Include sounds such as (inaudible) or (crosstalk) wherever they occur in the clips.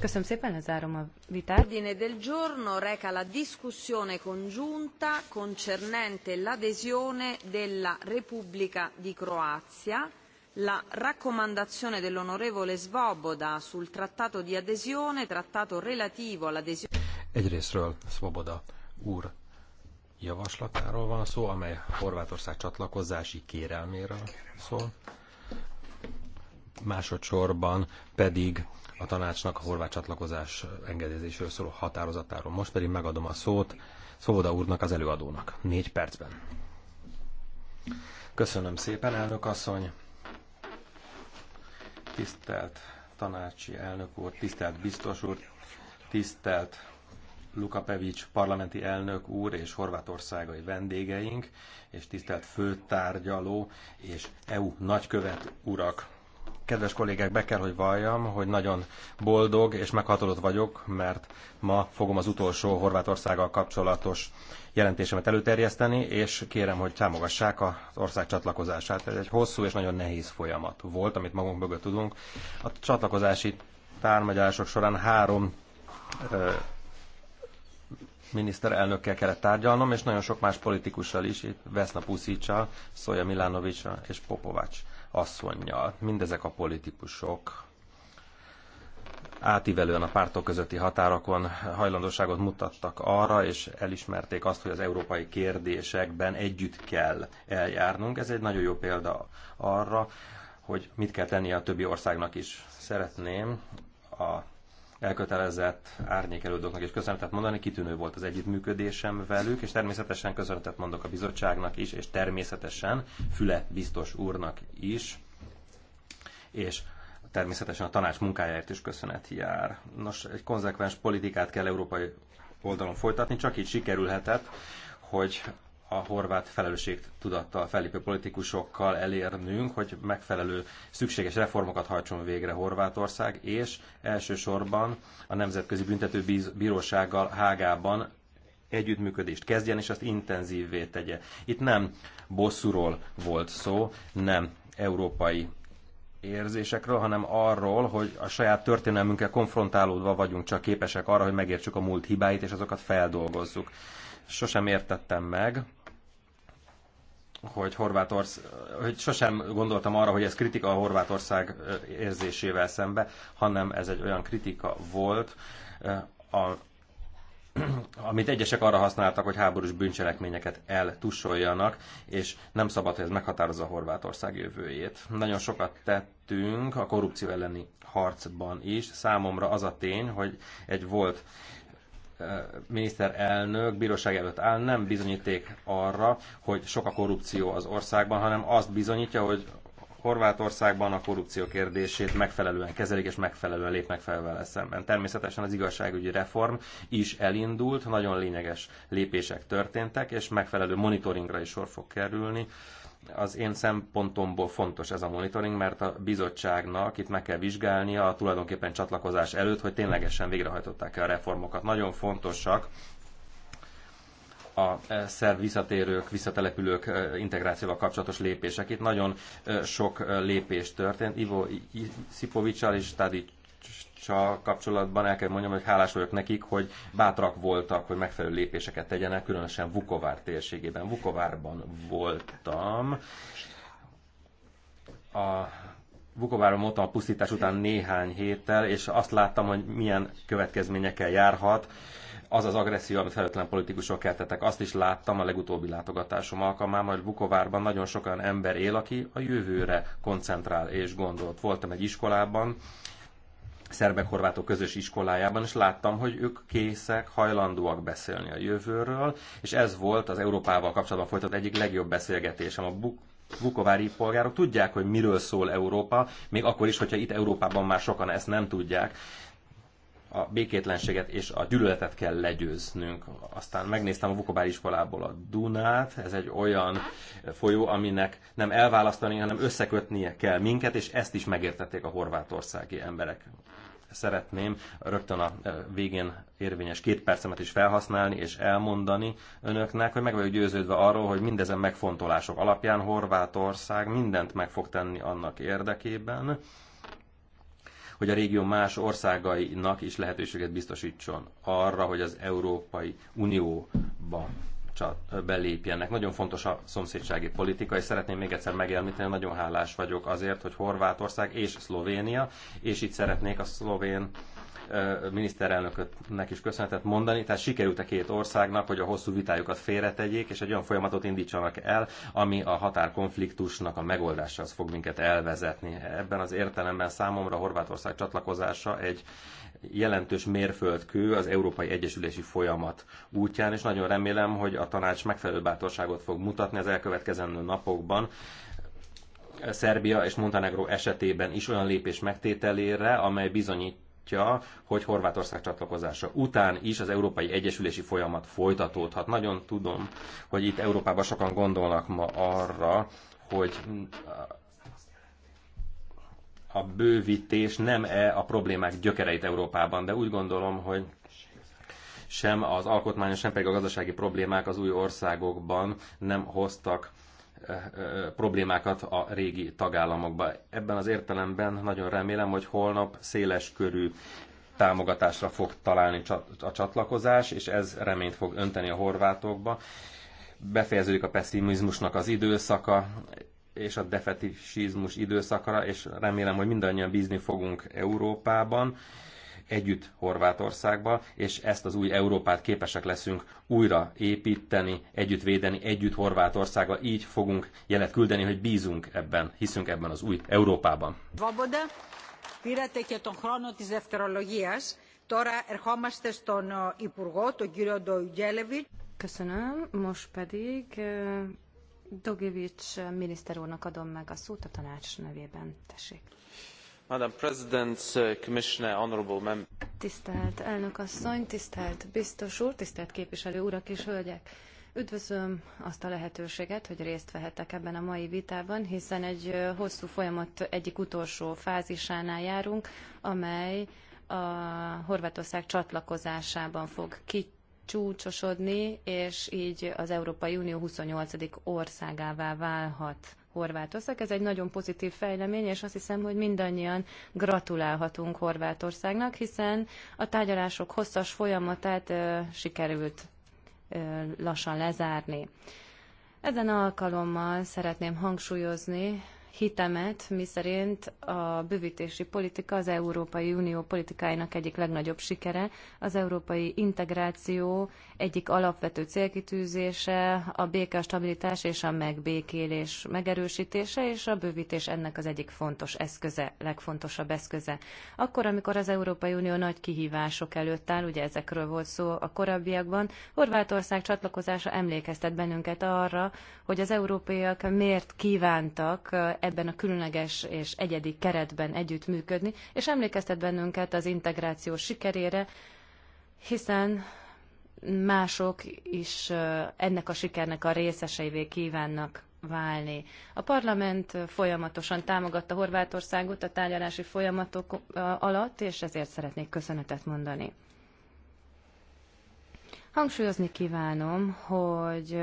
Köszönöm szépen, lezárom a vitát. Ordine del giorno reca la discussione congiunta concernente l'adesione della Repubblica di Croazia, la raccomandazione dell'onorevole Svoboda sul trattato di adesione, trattato relativo all'adesione. Egyrésztről Svoboda úr javaslatáról van szó, amely Horvátország csatlakozási kérelméről szól másodszorban pedig a tanácsnak a horvát csatlakozás engedélyezésről szóló határozatáról. Most pedig megadom a szót szóvoda úrnak, az előadónak. Négy percben. Köszönöm szépen, elnök asszony. Tisztelt tanácsi elnök úr, tisztelt biztos úr, tisztelt Luka Pevics parlamenti elnök úr és horvátországai vendégeink, és tisztelt főtárgyaló és EU nagykövet urak. Kedves kollégák, be kell, hogy valljam, hogy nagyon boldog és meghatodott vagyok, mert ma fogom az utolsó Horvátországgal kapcsolatos jelentésemet előterjeszteni, és kérem, hogy támogassák az ország csatlakozását. Ez egy hosszú és nagyon nehéz folyamat volt, amit magunk mögött tudunk. A csatlakozási tárgyalások során három miniszterelnökkel kellett tárgyalnom, és nagyon sok más politikussal is, itt Veszna Puszicsa, Szója Milánovicsa és Popovács asszonynal. Mindezek a politikusok átívelően a pártok közötti határokon hajlandóságot mutattak arra, és elismerték azt, hogy az európai kérdésekben együtt kell eljárnunk. Ez egy nagyon jó példa arra, hogy mit kell tennie a többi országnak is. Szeretném a elkötelezett árnyékelődőknek is köszönetet mondani, kitűnő volt az együttműködésem velük, és természetesen köszönetet mondok a bizottságnak is, és természetesen Füle biztos úrnak is, és természetesen a tanács munkájáért is köszönet jár. Nos, egy konzekvens politikát kell európai oldalon folytatni, csak így sikerülhetett, hogy a horvát tudattal fellépő politikusokkal elérnünk, hogy megfelelő szükséges reformokat hajtson végre Horvátország, és elsősorban a Nemzetközi büntető bírósággal Hágában együttműködést kezdjen, és azt intenzívvé tegye. Itt nem bosszúról volt szó, nem európai érzésekről, hanem arról, hogy a saját történelmünkkel konfrontálódva vagyunk csak képesek arra, hogy megértsük a múlt hibáit, és azokat feldolgozzuk. Sosem értettem meg, hogy Horvátország, hogy sosem gondoltam arra, hogy ez kritika a Horvátország eh, érzésével szembe, hanem ez egy olyan kritika volt, eh, a, (clears throat) amit egyesek arra használtak, hogy háborús bűncselekményeket eltussoljanak, és nem szabad, hogy ez meghatározza Horvátország jövőjét. Nagyon sokat tettünk a korrupció elleni harcban is. Számomra az a tény, hogy egy volt miniszterelnök bíróság előtt áll, nem bizonyíték arra, hogy sok a korrupció az országban, hanem azt bizonyítja, hogy Horvátországban a korrupció kérdését megfelelően kezelik, és megfelelően lépnek fel vele szemben. Természetesen az igazságügyi reform is elindult, nagyon lényeges lépések történtek, és megfelelő monitoringra is sor fog kerülni az én szempontomból fontos ez a monitoring, mert a bizottságnak itt meg kell vizsgálnia a tulajdonképpen csatlakozás előtt, hogy ténylegesen végrehajtották-e a reformokat. Nagyon fontosak a e, szerv visszatérők, visszatelepülők e, integrációval kapcsolatos lépések. Itt nagyon e, sok lépés történt. Ivo Szipovicsal és Tadic kapcsolatban el kell mondjam, hogy hálás vagyok nekik, hogy bátrak voltak, hogy megfelelő lépéseket tegyenek, különösen Vukovár térségében. Vukovárban voltam. A Vukováron voltam a pusztítás után néhány héttel, és azt láttam, hogy milyen következményekkel járhat az az agresszió, amit felelőtlen politikusok keltettek. Azt is láttam a legutóbbi látogatásom alkalmában, hogy Vukovárban nagyon sokan ember él, aki a jövőre koncentrál és gondolt. Voltam egy iskolában, szerbek-horvátok közös iskolájában, és láttam, hogy ők készek, hajlandóak beszélni a jövőről, és ez volt az Európával kapcsolatban folytatott egyik legjobb beszélgetésem. A Buk bukovári polgárok tudják, hogy miről szól Európa, még akkor is, hogyha itt Európában már sokan ezt nem tudják. A békétlenséget és a gyűlöletet kell legyőznünk. Aztán megnéztem a Bukovári iskolából a Dunát, ez egy olyan folyó, aminek nem elválasztani, hanem összekötnie kell minket, és ezt is megértették a horvátországi emberek szeretném rögtön a e, végén érvényes két percemet is felhasználni és elmondani önöknek, hogy meg vagyok győződve arról, hogy mindezen megfontolások alapján Horvátország mindent meg fog tenni annak érdekében, hogy a régió más országainak is lehetőséget biztosítson arra, hogy az Európai Unióba belépjenek. Nagyon fontos a szomszédsági politika, és szeretném még egyszer megjelenteni, nagyon hálás vagyok azért, hogy Horvátország és Szlovénia, és itt szeretnék a szlovén miniszterelnökötnek is köszönetet mondani. Tehát sikerült a két országnak, hogy a hosszú vitájukat félretegyék, és egy olyan folyamatot indítsanak el, ami a határkonfliktusnak a megoldásához fog minket elvezetni. Ebben az értelemben számomra Horvátország csatlakozása egy jelentős mérföldkő az Európai Egyesülési folyamat útján, és nagyon remélem, hogy a tanács megfelelő bátorságot fog mutatni az elkövetkezendő napokban, Szerbia és Montenegro esetében is olyan lépés megtételére, amely bizonyítja, hogy Horvátország csatlakozása után is az európai egyesülési folyamat folytatódhat. Nagyon tudom, hogy itt Európában sokan gondolnak ma arra, hogy a bővítés nem-e a problémák gyökereit Európában, de úgy gondolom, hogy sem az alkotmányos, sem pedig a gazdasági problémák az új országokban nem hoztak problémákat a régi tagállamokba. Ebben az értelemben nagyon remélem, hogy holnap széles körű támogatásra fog találni a csatlakozás, és ez reményt fog önteni a horvátokba. Befejeződik a pessimizmusnak az időszaka, és a defetisizmus időszakra, és remélem, hogy mindannyian bízni fogunk Európában, együtt Horvátországban, és ezt az új Európát képesek leszünk újra építeni, együtt védeni, együtt Horvátországgal. Így fogunk jelet küldeni, hogy bízunk ebben, hiszünk ebben az új Európában. Vaboda, πήρατε και τον χρόνο της δευτερολογίας. Τώρα ερχόμαστε Υπουργό, Köszönöm, most pedig uh, Dogevics miniszter úrnak adom meg a szót a tanács nevében. Tessék. Madam President, uh, Commissioner, Honorable Member. Tisztelt elnök asszony, tisztelt biztos úr, tisztelt képviselő urak és hölgyek! Üdvözlöm azt a lehetőséget, hogy részt vehetek ebben a mai vitában, hiszen egy hosszú folyamat egyik utolsó fázisánál járunk, amely a Horvátország csatlakozásában fog kit csúcsosodni, és így az Európai Unió 28. országává válhat Horvátország. Ez egy nagyon pozitív fejlemény, és azt hiszem, hogy mindannyian gratulálhatunk Horvátországnak, hiszen a tárgyalások hosszas folyamatát ö, sikerült ö, lassan lezárni. Ezen alkalommal szeretném hangsúlyozni, hitemet, miszerint a bővítési politika az Európai Unió politikáinak egyik legnagyobb sikere, az európai integráció egyik alapvető célkitűzése, a béke, a stabilitás és a megbékélés megerősítése, és a bővítés ennek az egyik fontos eszköze, legfontosabb eszköze. Akkor, amikor az Európai Unió nagy kihívások előtt áll, ugye ezekről volt szó a korábbiakban, Horvátország csatlakozása emlékeztet bennünket arra, hogy az európaiak miért kívántak ebben a különleges és egyedi keretben együttműködni, és emlékeztet bennünket az integráció sikerére, hiszen mások is ennek a sikernek a részeseivé kívánnak válni. A parlament folyamatosan támogatta Horvátországot a tárgyalási folyamatok alatt, és ezért szeretnék köszönetet mondani. Hangsúlyozni kívánom, hogy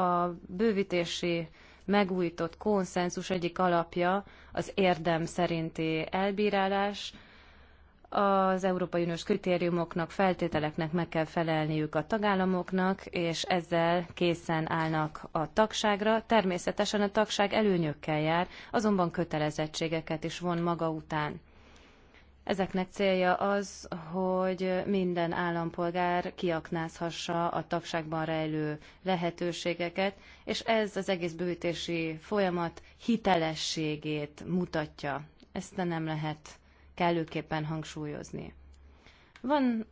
a bővítési megújított konszenzus egyik alapja az érdem szerinti elbírálás, az Európai Uniós kritériumoknak, feltételeknek meg kell felelniük a tagállamoknak, és ezzel készen állnak a tagságra. Természetesen a tagság előnyökkel jár, azonban kötelezettségeket is von maga után. Ezeknek célja az, hogy minden állampolgár kiaknázhassa a tagságban rejlő lehetőségeket, és ez az egész bővítési folyamat hitelességét mutatja. Ezt nem lehet kellőképpen hangsúlyozni. Van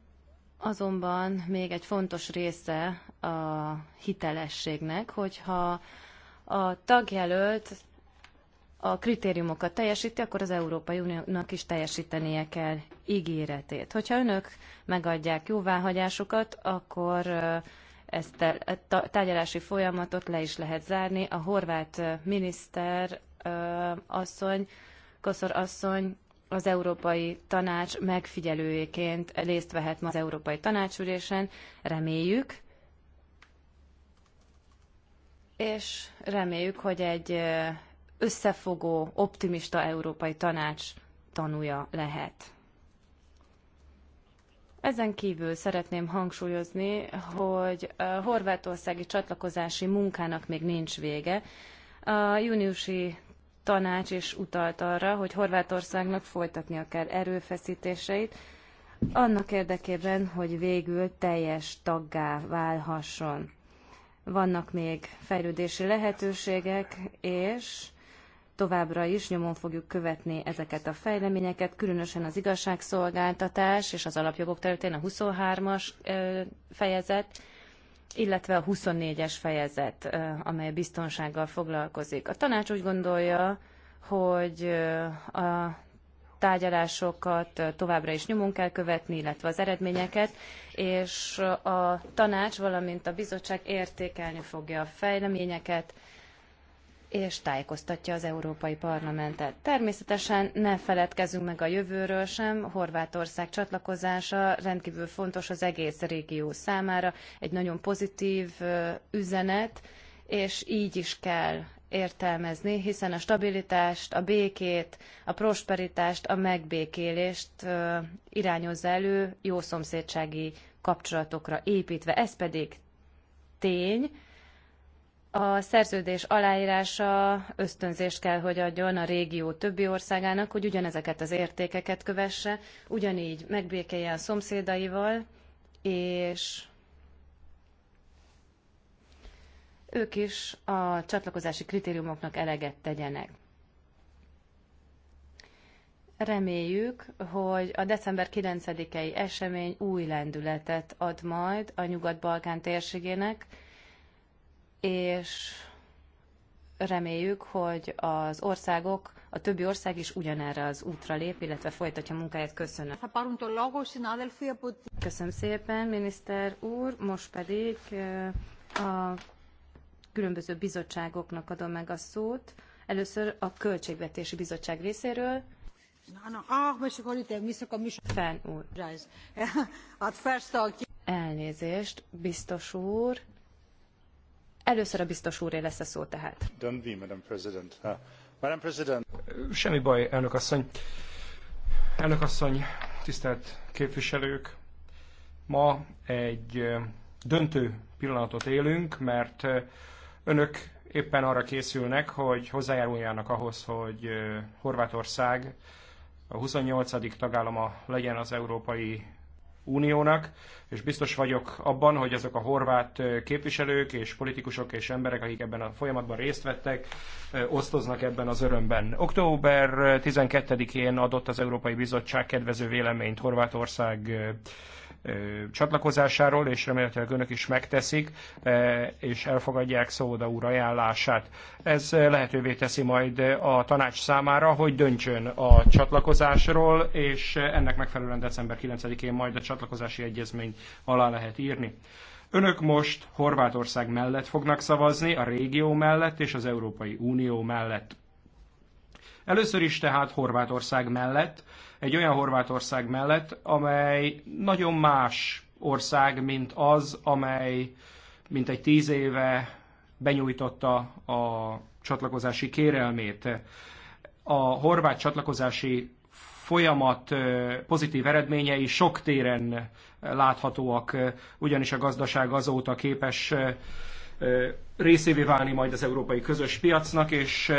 azonban még egy fontos része a hitelességnek, hogyha a tagjelölt a kritériumokat teljesíti, akkor az Európai Uniónak is teljesítenie kell ígéretét. Hogyha önök megadják jóváhagyásukat, akkor ezt e, a tárgyalási folyamatot le is lehet zárni. A horvát miniszter asszony, Koszor asszony az Európai Tanács megfigyelőjéként részt vehet ma az Európai Tanácsülésen, reméljük. És reméljük, hogy egy összefogó, optimista európai tanács tanúja lehet. Ezen kívül szeretném hangsúlyozni, hogy a horvátországi csatlakozási munkának még nincs vége. A júniusi tanács is utalt arra, hogy Horvátországnak folytatnia kell erőfeszítéseit, annak érdekében, hogy végül teljes taggá válhasson. Vannak még fejlődési lehetőségek, és továbbra is nyomon fogjuk követni ezeket a fejleményeket, különösen az igazságszolgáltatás és az alapjogok területén a 23-as fejezet, illetve a 24-es fejezet, amely biztonsággal foglalkozik. A tanács úgy gondolja, hogy a tárgyalásokat továbbra is nyomon kell követni, illetve az eredményeket, és a tanács, valamint a bizottság értékelni fogja a fejleményeket, és tájékoztatja az Európai Parlamentet. Természetesen ne feledkezzünk meg a jövőről sem, Horvátország csatlakozása rendkívül fontos az egész régió számára, egy nagyon pozitív üzenet, és így is kell értelmezni, hiszen a stabilitást, a békét, a prosperitást, a megbékélést irányozza elő jó szomszédsági kapcsolatokra építve. Ez pedig tény, a szerződés aláírása ösztönzést kell, hogy adjon a régió többi országának, hogy ugyanezeket az értékeket kövesse, ugyanígy megbékélje a szomszédaival, és ők is a csatlakozási kritériumoknak eleget tegyenek. Reméljük, hogy a december 9-i esemény új lendületet ad majd a Nyugat-Balkán térségének, és reméljük, hogy az országok, a többi ország is ugyanerre az útra lép, illetve folytatja munkáját. Köszönöm. Köszönöm szépen, miniszter úr. Most pedig eh, a különböző bizottságoknak adom meg a szót. Először a Költségvetési Bizottság részéről. Fenn úr. (laughs) Elnézést, biztos úr. Először a biztos úré lesz a szó tehát. Madam President. Uh, Madam President. Semmi baj, elnök asszony. Elnök asszony, tisztelt képviselők, ma egy döntő pillanatot élünk, mert önök éppen arra készülnek, hogy hozzájáruljanak ahhoz, hogy Horvátország a 28. tagállama legyen az Európai Uniónak, és biztos vagyok abban, hogy azok a horvát képviselők és politikusok és emberek, akik ebben a folyamatban részt vettek, osztoznak ebben az örömben. Október 12-én adott az Európai Bizottság kedvező véleményt Horvátország csatlakozásáról, és remélhetőleg önök is megteszik, és elfogadják Szóda úr ajánlását. Ez lehetővé teszi majd a tanács számára, hogy döntsön a csatlakozásról, és ennek megfelelően december 9-én majd a csatlakozási egyezményt alá lehet írni. Önök most Horvátország mellett fognak szavazni, a régió mellett és az Európai Unió mellett. Először is tehát Horvátország mellett, egy olyan Horvátország mellett, amely nagyon más ország, mint az, amely mint egy tíz éve benyújtotta a csatlakozási kérelmét. A horvát csatlakozási folyamat pozitív eredményei sok téren láthatóak, ugyanis a gazdaság azóta képes részévé válni majd az európai közös piacnak, és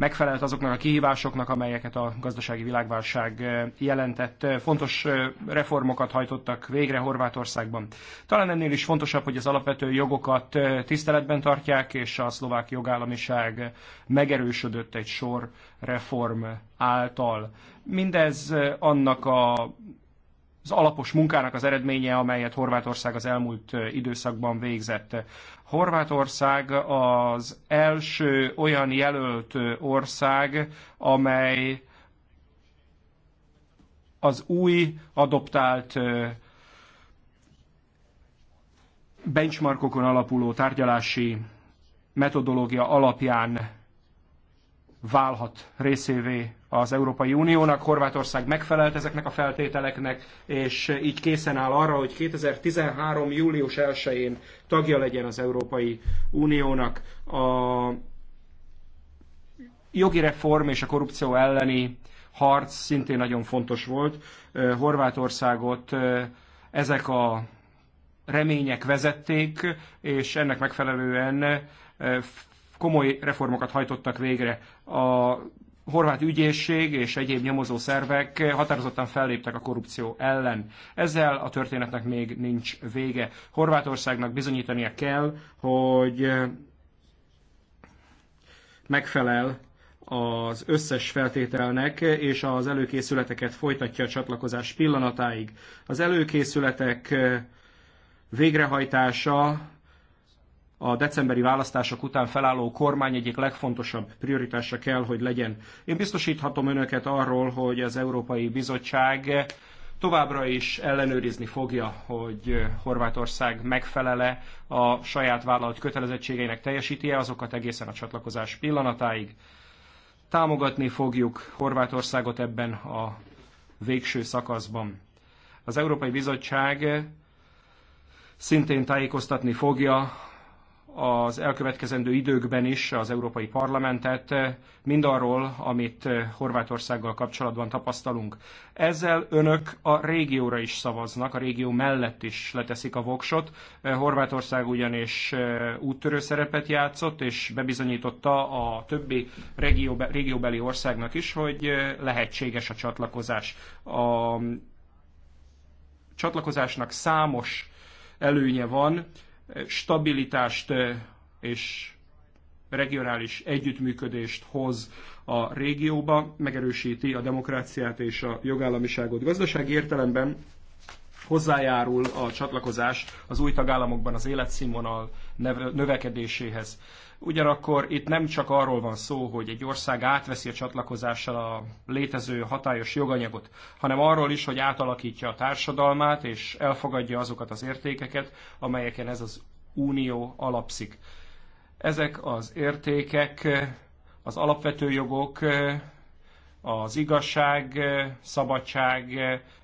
megfelelt azoknak a kihívásoknak, amelyeket a gazdasági világválság jelentett. Fontos reformokat hajtottak végre Horvátországban. Talán ennél is fontosabb, hogy az alapvető jogokat tiszteletben tartják, és a szlovák jogállamiság megerősödött egy sor reform által. Mindez annak a az alapos munkának az eredménye, amelyet Horvátország az elmúlt időszakban végzett. Horvátország az első olyan jelölt ország, amely az új adoptált benchmarkokon alapuló tárgyalási metodológia alapján válhat részévé az Európai Uniónak. Horvátország megfelelt ezeknek a feltételeknek, és így készen áll arra, hogy 2013. július 1-én tagja legyen az Európai Uniónak. A jogi reform és a korrupció elleni harc szintén nagyon fontos volt. Horvátországot ezek a remények vezették, és ennek megfelelően komoly reformokat hajtottak végre. A horvát ügyészség és egyéb nyomozó szervek határozottan felléptek a korrupció ellen. Ezzel a történetnek még nincs vége. Horvátországnak bizonyítania kell, hogy megfelel az összes feltételnek, és az előkészületeket folytatja a csatlakozás pillanatáig. Az előkészületek végrehajtása a decemberi választások után felálló kormány egyik legfontosabb prioritása kell, hogy legyen. Én biztosíthatom önöket arról, hogy az Európai Bizottság továbbra is ellenőrizni fogja, hogy Horvátország megfelele a saját vállalat kötelezettségeinek teljesíti-e azokat egészen a csatlakozás pillanatáig. Támogatni fogjuk Horvátországot ebben a végső szakaszban. Az Európai Bizottság szintén tájékoztatni fogja az elkövetkezendő időkben is az Európai Parlamentet mindarról, amit Horvátországgal kapcsolatban tapasztalunk. Ezzel önök a régióra is szavaznak, a régió mellett is leteszik a voksot. Horvátország ugyanis úttörő szerepet játszott, és bebizonyította a többi régióbe, régióbeli országnak is, hogy lehetséges a csatlakozás. A csatlakozásnak számos előnye van, stabilitást eh, és regionális együttműködést hoz a régióba, megerősíti a demokráciát és a jogállamiságot. Gazdasági értelemben hozzájárul a csatlakozás az új tagállamokban az életszínvonal növekedéséhez. Ugyanakkor itt nem csak arról van szó, hogy egy ország átveszi a csatlakozással a létező hatályos joganyagot, hanem arról is, hogy átalakítja a társadalmát és elfogadja azokat az értékeket, amelyeken ez az unió alapszik. Ezek az értékek, az alapvető jogok az igazság, szabadság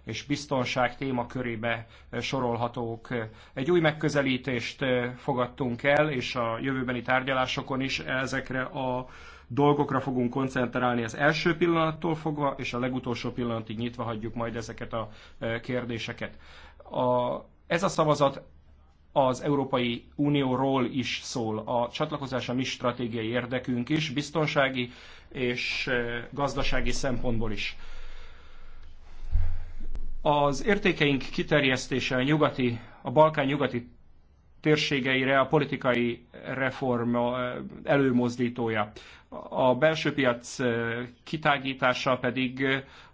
és biztonság témakörébe sorolhatók. Egy új megközelítést fogadtunk el, és a jövőbeni tárgyalásokon is ezekre a dolgokra fogunk koncentrálni az első pillanattól fogva, és a legutolsó pillanatig nyitva hagyjuk majd ezeket a kérdéseket. A, ez a szavazat az Európai Unióról is szól. A csatlakozás a mi stratégiai érdekünk is, biztonsági és eh, gazdasági szempontból is. Az értékeink kiterjesztése a, nyugati, a Balkán nyugati térségeire a politikai reform eh, előmozdítója. A belső piac eh, kitágítása pedig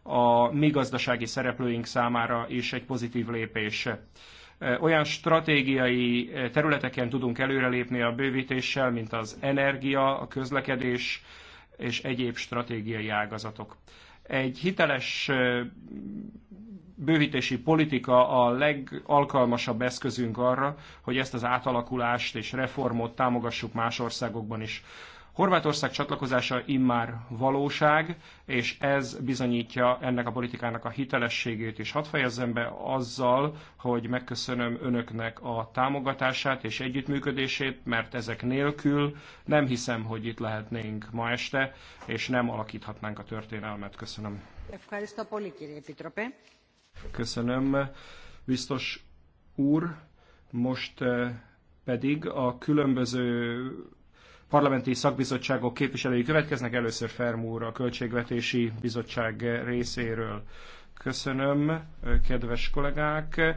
a mi gazdasági szereplőink számára is egy pozitív lépés olyan stratégiai területeken tudunk előrelépni a bővítéssel, mint az energia, a közlekedés és egyéb stratégiai ágazatok. Egy hiteles bővítési politika a legalkalmasabb eszközünk arra, hogy ezt az átalakulást és reformot támogassuk más országokban is. Horvátország csatlakozása immár valóság, és ez bizonyítja ennek a politikának a hitelességét, és hadd fejezzem be azzal, hogy megköszönöm önöknek a támogatását és együttműködését, mert ezek nélkül nem hiszem, hogy itt lehetnénk ma este, és nem alakíthatnánk a történelmet. Köszönöm. Köszönöm, biztos úr. Most eh, pedig a különböző parlamenti szakbizottságok képviselői következnek, először Ferm úr a Költségvetési Bizottság részéről. Köszönöm, kedves kollégák!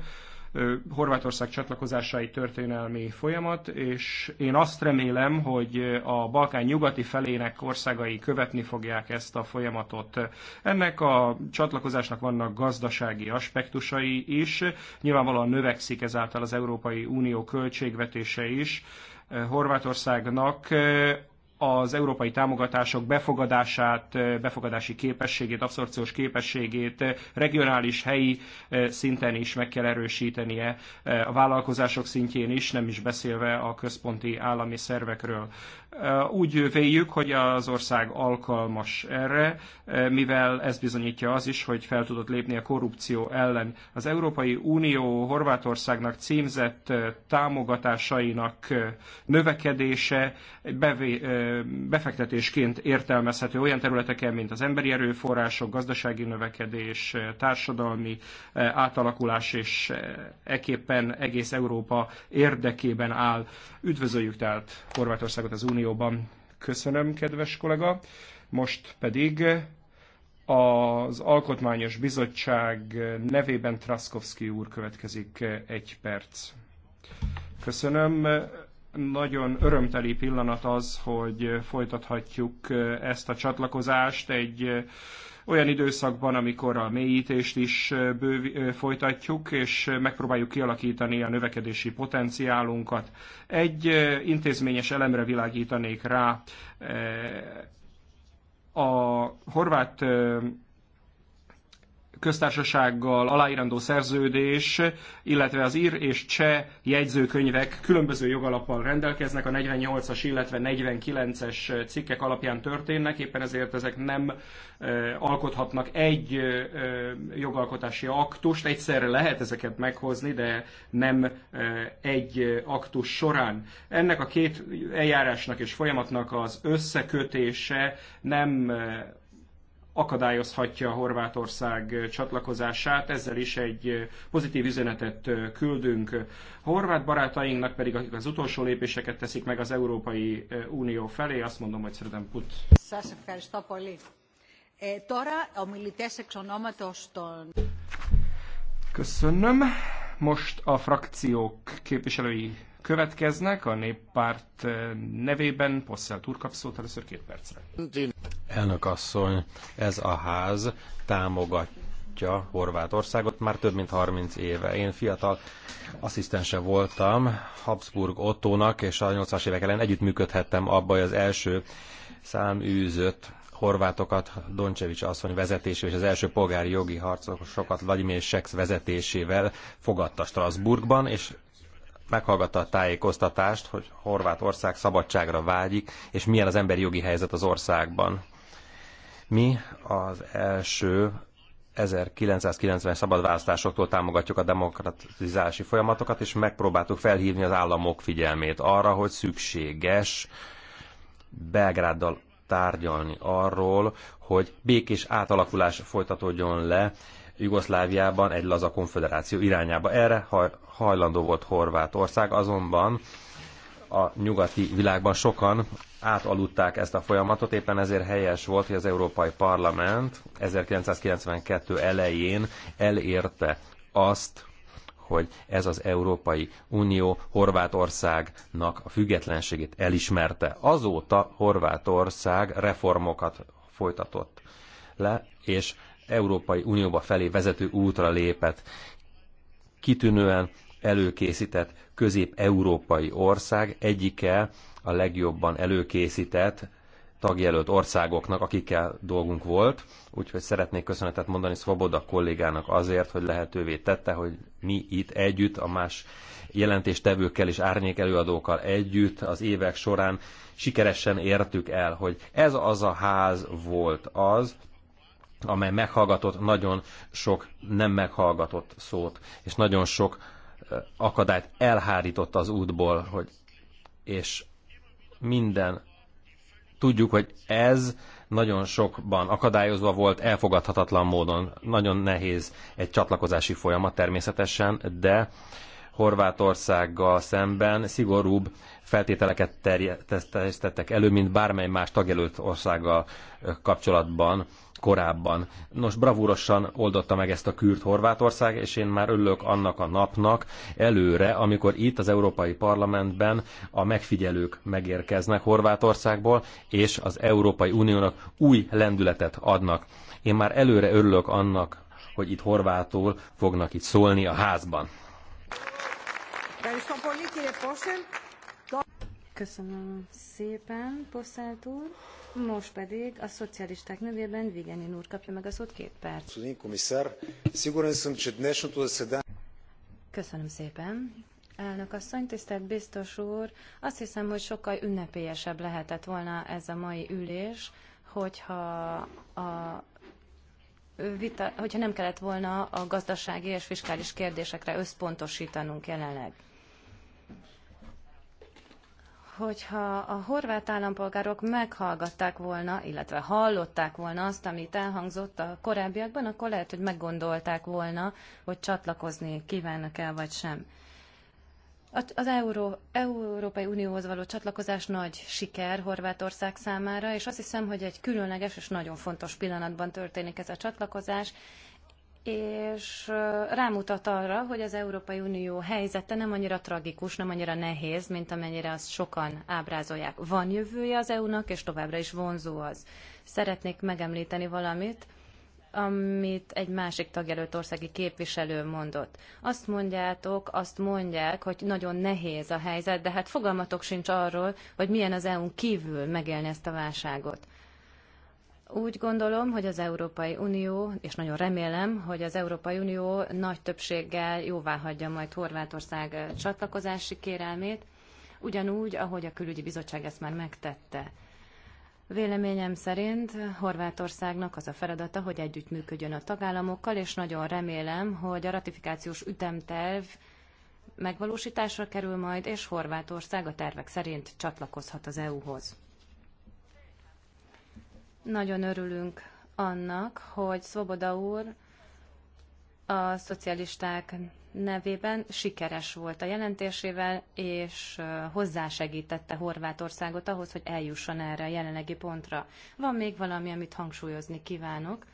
Horvátország csatlakozásai történelmi folyamat, és én azt remélem, hogy a Balkán nyugati felének országai követni fogják ezt a folyamatot. Ennek a csatlakozásnak vannak gazdasági aspektusai is, nyilvánvalóan növekszik ezáltal az Európai Unió költségvetése is, Horvátországnak az európai támogatások befogadását, befogadási képességét, abszorpciós képességét regionális, helyi szinten is meg kell erősítenie, a vállalkozások szintjén is, nem is beszélve a központi állami szervekről. Úgy véljük, hogy az ország alkalmas erre, mivel ez bizonyítja az is, hogy fel tudott lépni a korrupció ellen. Az Európai Unió Horvátországnak címzett támogatásainak növekedése befektetésként értelmezhető olyan területeken, mint az emberi erőforrások, gazdasági növekedés, társadalmi átalakulás, és eképpen egész Európa érdekében áll. Üdvözöljük tehát Horvátországot az Unió Jobban Köszönöm, kedves kollega. Most pedig az Alkotmányos Bizottság nevében Traszkowski úr következik egy perc. Köszönöm. Nagyon örömteli pillanat az, hogy folytathatjuk ezt a csatlakozást egy olyan időszakban, amikor a mélyítést is bőv, folytatjuk, és megpróbáljuk kialakítani a növekedési potenciálunkat. Egy intézményes elemre világítanék rá. A horvát köztársasággal aláírandó szerződés, illetve az ír és cseh jegyzőkönyvek különböző jogalappal rendelkeznek, a 48-as, illetve 49-es cikkek alapján történnek, éppen ezért ezek nem alkothatnak egy jogalkotási aktust, egyszerre lehet ezeket meghozni, de nem egy aktus során. Ennek a két eljárásnak és folyamatnak az összekötése nem akadályozhatja Horvátország csatlakozását. Ezzel is egy pozitív üzenetet küldünk. Horvát barátainknak pedig, akik az utolsó lépéseket teszik meg az Európai Unió felé, azt mondom, hogy szeretem put. Köszönöm. Most a frakciók képviselői következnek, a néppárt eh, nevében Posszel Turkap kap szót először két percre. Elnök asszony, ez a ház támogatja Horvátországot már több mint 30 éve. Én fiatal asszisztense voltam Habsburg Ottónak, és a 80-as évek ellen együttműködhettem abban, hogy az első száműzött horvátokat Doncsevics asszony vezetésével és az első polgári jogi harcosokat Vladimir Sex vezetésével fogadta Strasbourgban, és meghallgatta a tájékoztatást, hogy Horvátország szabadságra vágyik, és milyen az emberi jogi helyzet az országban. Mi az első 1990 szabad választásoktól támogatjuk a demokratizálási folyamatokat, és megpróbáltuk felhívni az államok figyelmét arra, hogy szükséges Belgráddal tárgyalni arról, hogy békés átalakulás folytatódjon le Jugoszláviában egy laza konfederáció irányába. Erre hajlandó volt Horvátország, azonban a nyugati világban sokan átaludták ezt a folyamatot, éppen ezért helyes volt, hogy az Európai Parlament 1992 elején elérte azt, hogy ez az Európai Unió Horvátországnak a függetlenségét elismerte. Azóta Horvátország reformokat folytatott le, és Európai Unióba felé vezető útra lépett. Kitűnően előkészített közép-európai ország, egyike a legjobban előkészített tagjelölt országoknak, akikkel dolgunk volt, úgyhogy szeretnék köszönetet mondani Svoboda kollégának azért, hogy lehetővé tette, hogy mi itt együtt, a más jelentéstevőkkel és árnyék előadókkal együtt az évek során sikeresen értük el, hogy ez az a ház volt az, amely meghallgatott nagyon sok nem meghallgatott szót, és nagyon sok akadályt elhárított az útból, hogy és minden Tudjuk, hogy ez nagyon sokban akadályozva volt, elfogadhatatlan módon. Nagyon nehéz egy csatlakozási folyamat természetesen, de Horvátországgal szemben szigorúbb feltételeket terjesztettek elő, mint bármely más tagjelölt országgal kapcsolatban korábban. Nos, bravúrosan oldotta meg ezt a kürt Horvátország, és én már örülök annak a napnak előre, amikor itt az Európai Parlamentben a megfigyelők megérkeznek Horvátországból, és az Európai Uniónak új lendületet adnak. Én már előre örülök annak, hogy itt horvátul fognak itt szólni a házban. Köszönöm szépen, Poszelt úr. Most pedig a szocialisták nevében Vigenin úr kapja meg a szót két perc. Köszönöm szépen. Elnök asszony, tisztelt biztos úr, azt hiszem, hogy sokkal ünnepélyesebb lehetett volna ez a mai ülés, hogyha a vita, hogyha nem kellett volna a gazdasági és fiskális kérdésekre összpontosítanunk jelenleg hogyha a horvát állampolgárok meghallgatták volna, illetve hallották volna azt, amit elhangzott a korábbiakban, akkor lehet, hogy meggondolták volna, hogy csatlakozni kívánnak el vagy sem. Az Euró, Európai Unióhoz való csatlakozás nagy siker Horvátország számára, és azt hiszem, hogy egy különleges és nagyon fontos pillanatban történik ez a csatlakozás, és rámutat arra, hogy az Európai Unió helyzete nem annyira tragikus, nem annyira nehéz, mint amennyire azt sokan ábrázolják. Van jövője az EU-nak, és továbbra is vonzó az. Szeretnék megemlíteni valamit, amit egy másik tagjelölt országi képviselő mondott. Azt mondjátok, azt mondják, hogy nagyon nehéz a helyzet, de hát fogalmatok sincs arról, hogy milyen az EU-n kívül megélni ezt a válságot. Úgy gondolom, hogy az Európai Unió, és nagyon remélem, hogy az Európai Unió nagy többséggel jóvá hagyja majd Horvátország csatlakozási kérelmét, ugyanúgy, ahogy a külügyi bizottság ezt már megtette. Véleményem szerint Horvátországnak az a feladata, hogy együttműködjön a tagállamokkal, és nagyon remélem, hogy a ratifikációs ütemterv megvalósításra kerül majd, és Horvátország a tervek szerint csatlakozhat az EU-hoz. Nagyon örülünk annak, hogy Szoboda úr a szocialisták nevében sikeres volt a jelentésével, és hozzásegítette Horvátországot ahhoz, hogy eljusson erre a jelenlegi pontra. Van még valami, amit hangsúlyozni kívánok.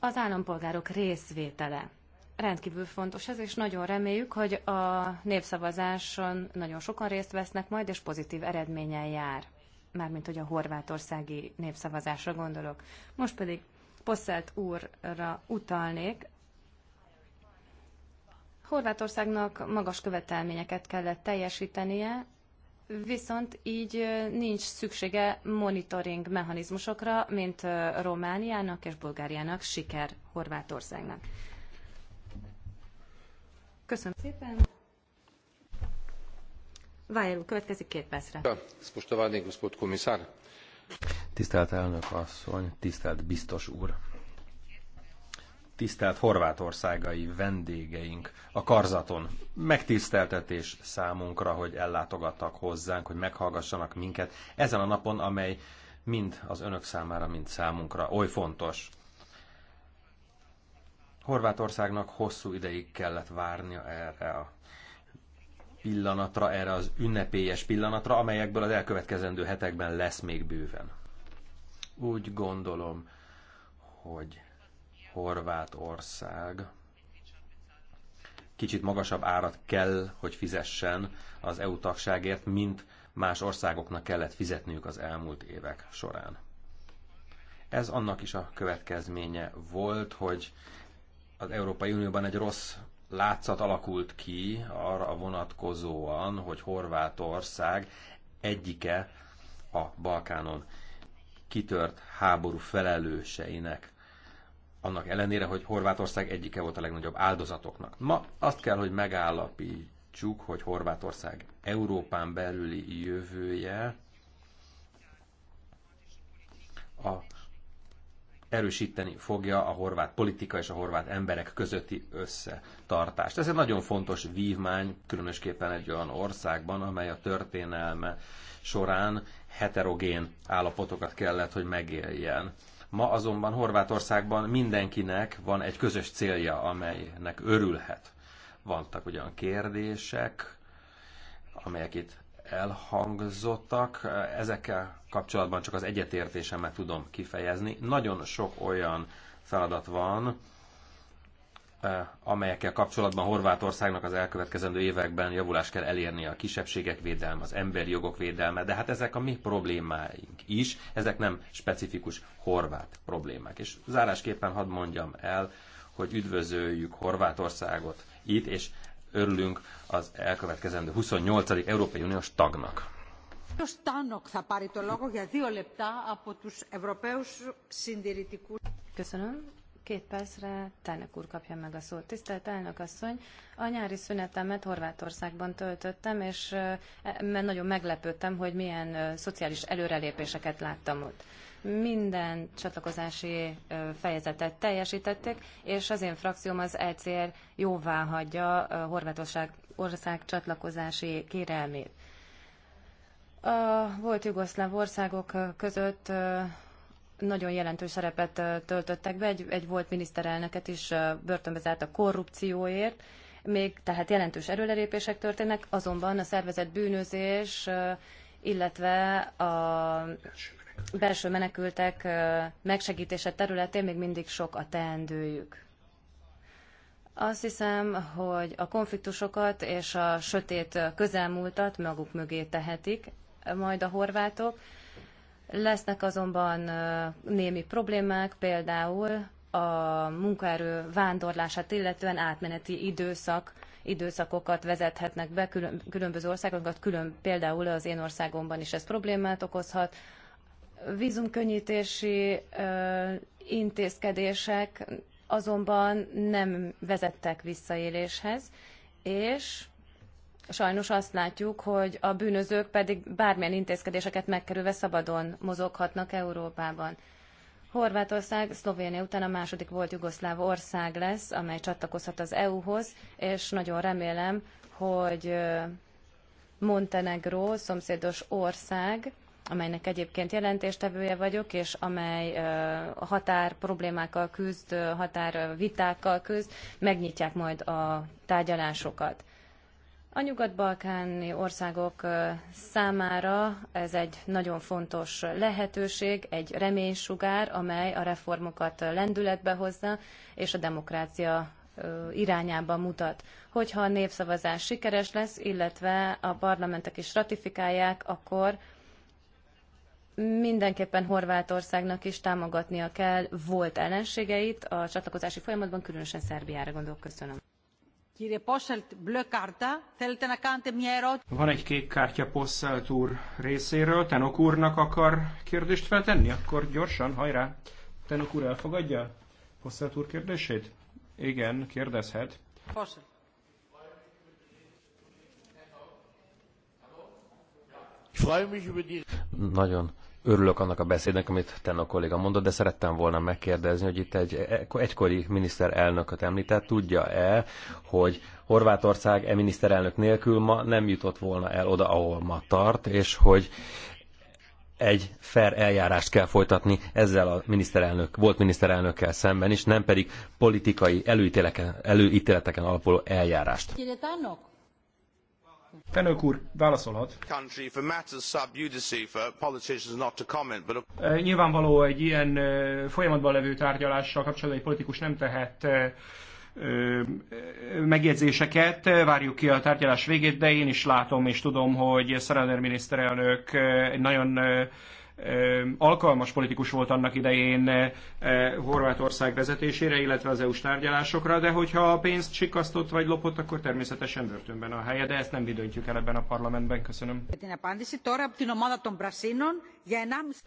Az állampolgárok részvétele. Rendkívül fontos ez, és nagyon reméljük, hogy a népszavazáson nagyon sokan részt vesznek majd, és pozitív eredménnyel jár mármint hogy a horvátországi népszavazásra gondolok. Most pedig Posselt úrra utalnék. Horvátországnak magas követelményeket kellett teljesítenie, viszont így nincs szüksége monitoring mechanizmusokra, mint Romániának és Bulgáriának, siker Horvátországnak. Köszönöm szépen! Vájel következik két percre. Spostovani, gospod komisár. Tisztelt elnök asszony, tisztelt biztos úr. Tisztelt horvátországai vendégeink a karzaton. Megtiszteltetés számunkra, hogy ellátogattak hozzánk, hogy meghallgassanak minket ezen a napon, amely mind az önök számára, mind számunkra oly fontos. Horvátországnak hosszú ideig kellett várnia erre a pillanatra, erre az ünnepélyes pillanatra, amelyekből az elkövetkezendő hetekben lesz még bőven. Úgy gondolom, hogy Horvátország kicsit magasabb árat kell, hogy fizessen az EU tagságért, mint más országoknak kellett fizetniük az elmúlt évek során. Ez annak is a következménye volt, hogy az Európai Unióban egy rossz látszat alakult ki arra vonatkozóan, hogy Horvátország egyike a Balkánon kitört háború felelőseinek annak ellenére, hogy Horvátország egyike volt a legnagyobb áldozatoknak. Ma azt kell, hogy megállapítsuk, hogy Horvátország Európán belüli jövője a erősíteni fogja a horvát politika és a horvát emberek közötti összetartást. Ez egy nagyon fontos vívmány, különösképpen egy olyan országban, amely a történelme során heterogén állapotokat kellett, hogy megéljen. Ma azonban Horvátországban mindenkinek van egy közös célja, amelynek örülhet. Vannak olyan kérdések, amelyek itt elhangzottak. Ezekkel kapcsolatban csak az egyetértésemet tudom kifejezni. Nagyon sok olyan feladat van, amelyekkel kapcsolatban Horvátországnak az elkövetkezendő években javulást kell elérni a kisebbségek védelme, az emberi jogok védelme, de hát ezek a mi problémáink is, ezek nem specifikus horvát problémák. És zárásképpen hadd mondjam el, hogy üdvözöljük Horvátországot itt, és örülünk az elkövetkezendő 28. Európai Uniós tagnak. Köszönöm. Két percre Tának úr kapja meg a szót. Tisztelt elnök asszony, a nyári szünetemet Horvátországban töltöttem, és eh, nagyon meglepődtem, hogy milyen eh, szociális előrelépéseket láttam ott minden csatlakozási fejezetet teljesítették, és az én frakcióm az ECR jóvá hagyja Horvátország ország csatlakozási kérelmét. A volt jugoszláv országok között nagyon jelentős szerepet töltöttek be, egy, egy volt miniszterelnöket is börtönbe zárt a korrupcióért, még tehát jelentős erőlerépések történnek, azonban a szervezett bűnözés, illetve a belső menekültek megsegítése területén még mindig sok a teendőjük. Azt hiszem, hogy a konfliktusokat és a sötét közelmúltat maguk mögé tehetik majd a horvátok. Lesznek azonban némi problémák, például a munkaerő vándorlását illetően átmeneti időszak, időszakokat vezethetnek be különböző országokat, külön például az én országomban is ez problémát okozhat vízumkönnyítési intézkedések azonban nem vezettek visszaéléshez, és sajnos azt látjuk, hogy a bűnözők pedig bármilyen intézkedéseket megkerülve szabadon mozoghatnak Európában. Horvátország Szlovénia után a második volt jugoszláv ország lesz, amely csatlakozhat az EU-hoz, és nagyon remélem, hogy Montenegró, szomszédos ország, amelynek egyébként jelentéstevője vagyok, és amely határ problémákkal küzd, határ vitákkal küzd, megnyitják majd a tárgyalásokat. A nyugat-balkáni országok számára ez egy nagyon fontos lehetőség, egy reménysugár, amely a reformokat lendületbe hozza, és a demokrácia irányába mutat. Hogyha a népszavazás sikeres lesz, illetve a parlamentek is ratifikálják, akkor mindenképpen Horvátországnak is támogatnia kell volt ellenségeit a csatlakozási folyamatban, különösen Szerbiára gondolok. Köszönöm. Van egy kék kártya Posselt úr részéről. Tenok úrnak akar kérdést feltenni? Akkor gyorsan, hajrá! Tenok úr elfogadja Posselt úr kérdését? Igen, kérdezhet. Posselt. Nagyon Örülök annak a beszédnek, amit ten a kolléga mondott, de szerettem volna megkérdezni, hogy itt egy e- egykori miniszterelnököt említett, tudja-e, hogy Horvátország e miniszterelnök nélkül ma nem jutott volna el oda, ahol ma tart, és hogy egy fair eljárást kell folytatni ezzel a miniszterelnök, volt miniszterelnökkel szemben is, nem pedig politikai előítéleteken, alapuló eljárást. Kérje, Elnök úr, válaszolhat. E, nyilvánvaló egy ilyen e, folyamatban levő tárgyalással kapcsolatban egy politikus nem tehet e, megjegyzéseket, várjuk ki a tárgyalás végét, de én is látom és tudom, hogy Szerelner miniszterelnök egy nagyon alkalmas politikus volt annak idején Horvátország vezetésére, illetve az EU-s tárgyalásokra, de hogyha a pénzt sikasztott vagy lopott, akkor természetesen börtönben a helye, de ezt nem vidöntjük el ebben a parlamentben. Köszönöm.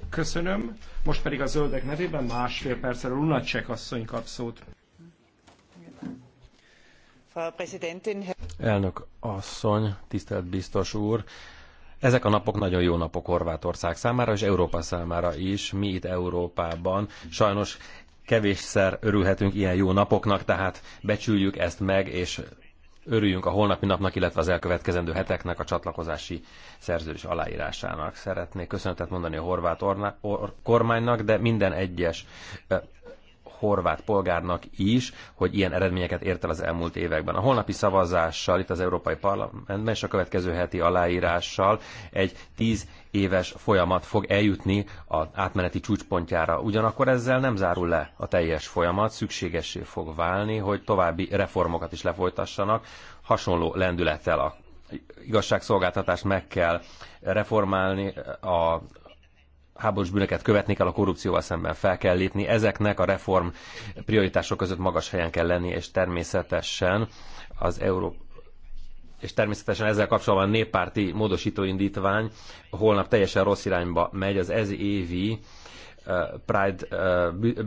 Köszönöm. Most pedig a zöldek nevében másfél percre Csek asszony kap szót. Elnök asszony, tisztelt biztos úr! Ezek a napok nagyon jó napok Horvátország számára és Európa számára is. Mi itt Európában sajnos kevésszer örülhetünk ilyen jó napoknak, tehát becsüljük ezt meg, és örüljünk a holnapi napnak, illetve az elkövetkezendő heteknek a csatlakozási szerződés aláírásának. Szeretnék köszönetet mondani a horvát orna, or, kormánynak, de minden egyes eh, horvát polgárnak is, hogy ilyen eredményeket ért el az elmúlt években. A holnapi szavazással itt az Európai Parlamentben és a következő heti aláírással egy tíz éves folyamat fog eljutni az átmeneti csúcspontjára. Ugyanakkor ezzel nem zárul le a teljes folyamat, szükségessé fog válni, hogy további reformokat is lefolytassanak, hasonló lendülettel a igazságszolgáltatást meg kell reformálni, a háborús bűnöket követni kell, a korrupcióval szemben fel kell lépni. Ezeknek a reform prioritások között magas helyen kell lenni, és természetesen az Európa és természetesen ezzel kapcsolatban a néppárti módosítóindítvány holnap teljesen rossz irányba megy. Az ez évi Pride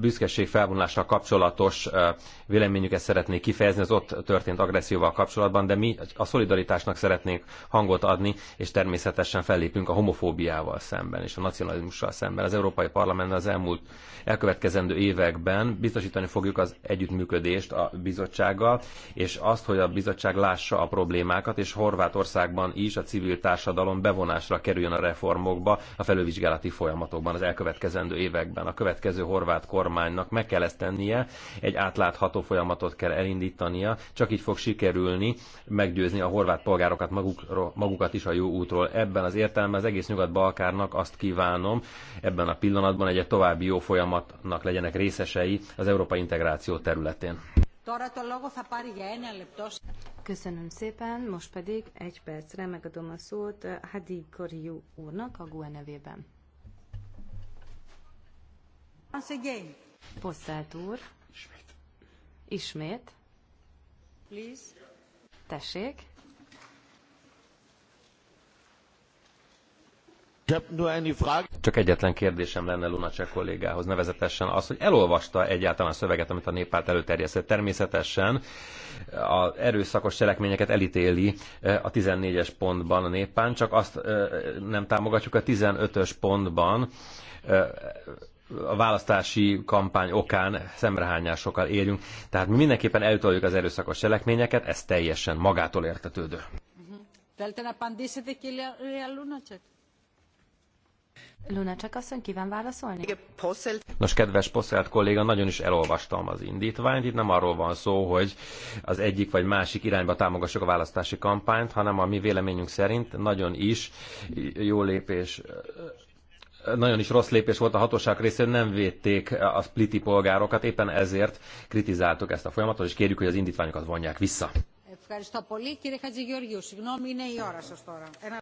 büszkeség felvonulással kapcsolatos véleményüket szeretnék kifejezni az ott történt agresszióval kapcsolatban, de mi a szolidaritásnak szeretnénk hangot adni, és természetesen fellépünk a homofóbiával szemben és a nacionalizmussal szemben. Az Európai Parlament az elmúlt elkövetkezendő években biztosítani fogjuk az együttműködést a bizottsággal, és azt, hogy a bizottság lássa a problémákat, és Horvátországban is a civil társadalom bevonásra kerüljön a reformokba, a felülvizsgálati folyamatokban az elkövetkezendő években a következő horvát kormánynak meg kell ezt tennie, egy átlátható folyamatot kell elindítania, csak így fog sikerülni meggyőzni a horvát polgárokat magukról, magukat is a jó útról. Ebben az értelemben az egész Nyugat-Balkárnak azt kívánom, ebben a pillanatban egy, további jó folyamatnak legyenek részesei az európai integráció területén. Köszönöm szépen, most pedig egy percre megadom a szót Hadi Koriú úrnak a GUE nevében. Once again. Posszelt úr. Ismét. Ismét. Please. Tessék. Csak egyetlen kérdésem lenne Lunacek kollégához, nevezetesen az, hogy elolvasta egyáltalán a szöveget, amit a néppárt előterjesztett. Természetesen az erőszakos cselekményeket elítéli eh, a 14-es pontban a néppán, csak azt eh, nem támogatjuk a 15-ös pontban eh, a választási kampány okán szemrehányásokkal éljünk. Tehát mi mindenképpen eltoljuk az erőszakos cselekményeket, ez teljesen magától értetődő. luna να απαντήσετε, κυρία Lunacek asszony, kíván válaszolni? Nos, kedves Poszelt kolléga, nagyon is elolvastam az indítványt. Itt nem arról van szó, hogy az egyik vagy másik irányba támogassuk a választási kampányt, hanem a mi véleményünk szerint nagyon is jó lépés nagyon is rossz lépés volt a hatóság részén nem védték a spliti polgárokat, éppen ezért kritizáltuk ezt a folyamatot, és kérjük, hogy az indítványokat vonják vissza.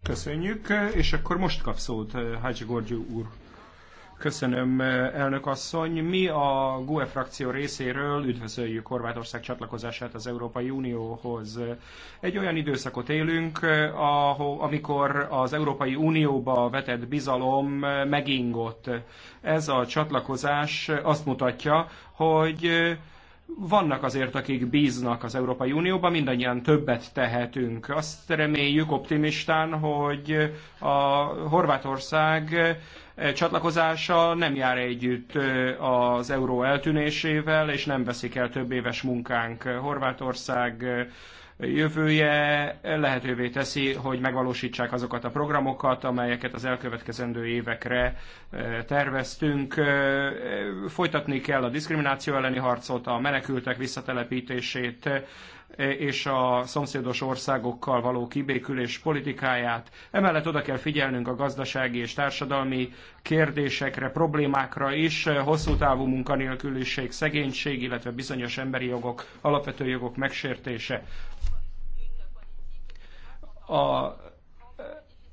Köszönjük, és akkor most kap szót Hágyi eh, Gorgyú úr. Köszönöm, elnök asszony. Mi a GUE frakció részéről üdvözöljük Horvátország csatlakozását az Európai Unióhoz. Egy olyan időszakot élünk, amikor az Európai Unióba vetett bizalom megingott. Ez a csatlakozás azt mutatja, hogy vannak azért, akik bíznak az Európai Unióban, mindannyian többet tehetünk. Azt reméljük optimistán, hogy a Horvátország eh, csatlakozása nem jár együtt eh, az euró eltűnésével, és nem veszik el több éves munkánk. Horvátország eh, jövője lehetővé teszi, hogy megvalósítsák azokat a programokat, amelyeket az elkövetkezendő évekre eh, terveztünk. Eh, folytatni kell a diszkrimináció elleni harcot, a menekültek visszatelepítését, E, és a szomszédos országokkal való kibékülés politikáját. Emellett oda kell figyelnünk a gazdasági és társadalmi kérdésekre, problémákra is, e, hosszú távú munkanélküliség, szegénység, illetve bizonyos emberi jogok, alapvető jogok megsértése. A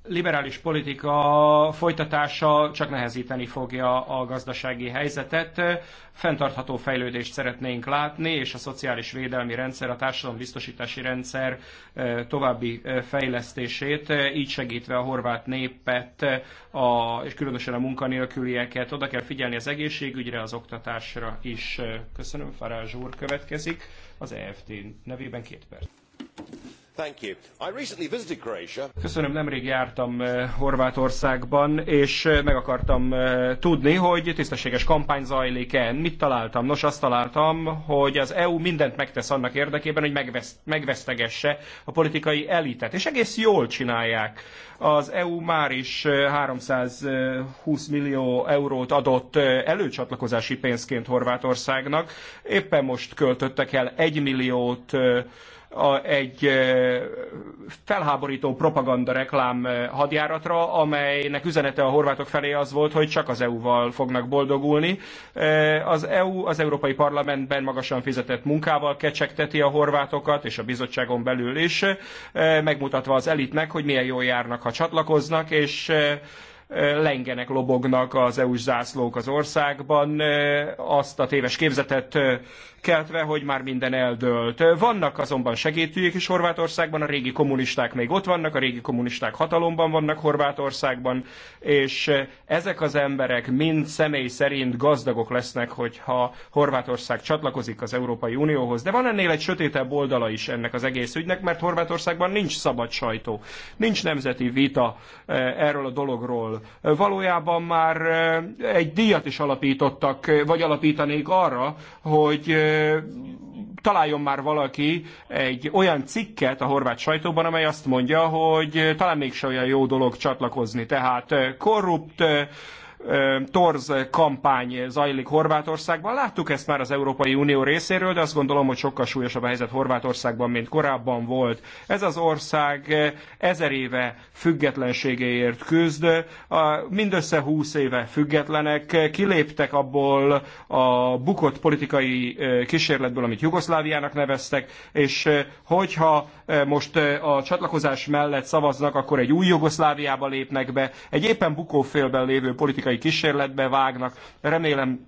liberális politika folytatása csak nehezíteni fogja a gazdasági helyzetet. Fentartható fejlődést szeretnénk látni, és a szociális védelmi rendszer, a társadalombiztosítási rendszer további fejlesztését, így segítve a horvát népet, a, és különösen a munkanélkülieket. Oda kell figyelni az egészségügyre, az oktatásra is. Köszönöm, Farázs úr következik. Az EFT nevében két perc. Köszönöm, nemrég jártam eh, Horvátországban, és eh, meg akartam eh, tudni, hogy tisztességes kampány zajlik-e. Mit találtam? Nos, azt találtam, hogy az EU mindent megtesz annak érdekében, hogy megvesztegesse a politikai elitet. És egész jól csinálják. Az EU már is 320 millió eurót adott előcsatlakozási pénzként Horvátországnak. Éppen most költöttek el 1 milliót a, egy e, felháborító propaganda reklám hadjáratra, amelynek üzenete a horvátok felé az volt, hogy csak az EU-val fognak boldogulni. E, Az EU az Európai Parlamentben magasan fizetett munkával kecsegteti a horvátokat, és a bizottságon belül is, e, megmutatva az elitnek, hogy milyen jól járnak, ha csatlakoznak, és e, lengenek, lobognak az EU-s zászlók az országban, azt a téves képzetet keltve, hogy már minden eldőlt. Vannak azonban segítőjük is Horvátországban, a régi kommunisták még ott vannak, a régi kommunisták hatalomban vannak Horvátországban, és ezek az emberek mind személy szerint gazdagok lesznek, hogyha Horvátország csatlakozik az Európai Unióhoz. De van ennél egy sötétebb oldala is ennek az egész ügynek, mert Horvátországban nincs szabad sajtó, nincs nemzeti vita erről a dologról Valójában már eh, egy díjat is alapítottak, eh, vagy alapítanék arra, hogy eh, találjon már valaki egy olyan cikket a horvát sajtóban, amely azt mondja, hogy talán mégse olyan jó dolog csatlakozni. Tehát korrupt, torz kampány zajlik Horvátországban. Láttuk ezt már az Európai Unió részéről, de azt gondolom, hogy sokkal súlyosabb a helyzet Horvátországban, mint korábban volt. Ez az ország ezer éve függetlenségéért küzd, mindössze húsz éve függetlenek, kiléptek abból a bukott politikai kísérletből, amit Jugoszláviának neveztek, és hogyha most a csatlakozás mellett szavaznak, akkor egy új Jugoszláviába lépnek be, egy éppen bukófélben lévő politikai politikai kísérletbe vágnak. Remélem,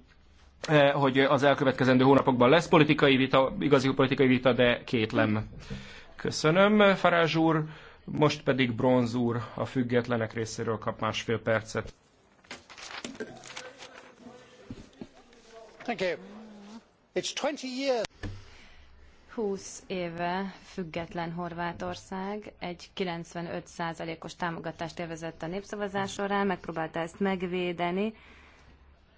eh, hogy az elkövetkezendő hónapokban lesz politikai vita, igazi politikai vita, de kétlem. Köszönöm, Farázs úr. Most pedig Bronz úr a függetlenek részéről kap másfél percet. Thank you. It's 20 years. 20 éve független Horvátország egy 95%-os támogatást élvezett a népszavazás során, megpróbálta ezt megvédeni,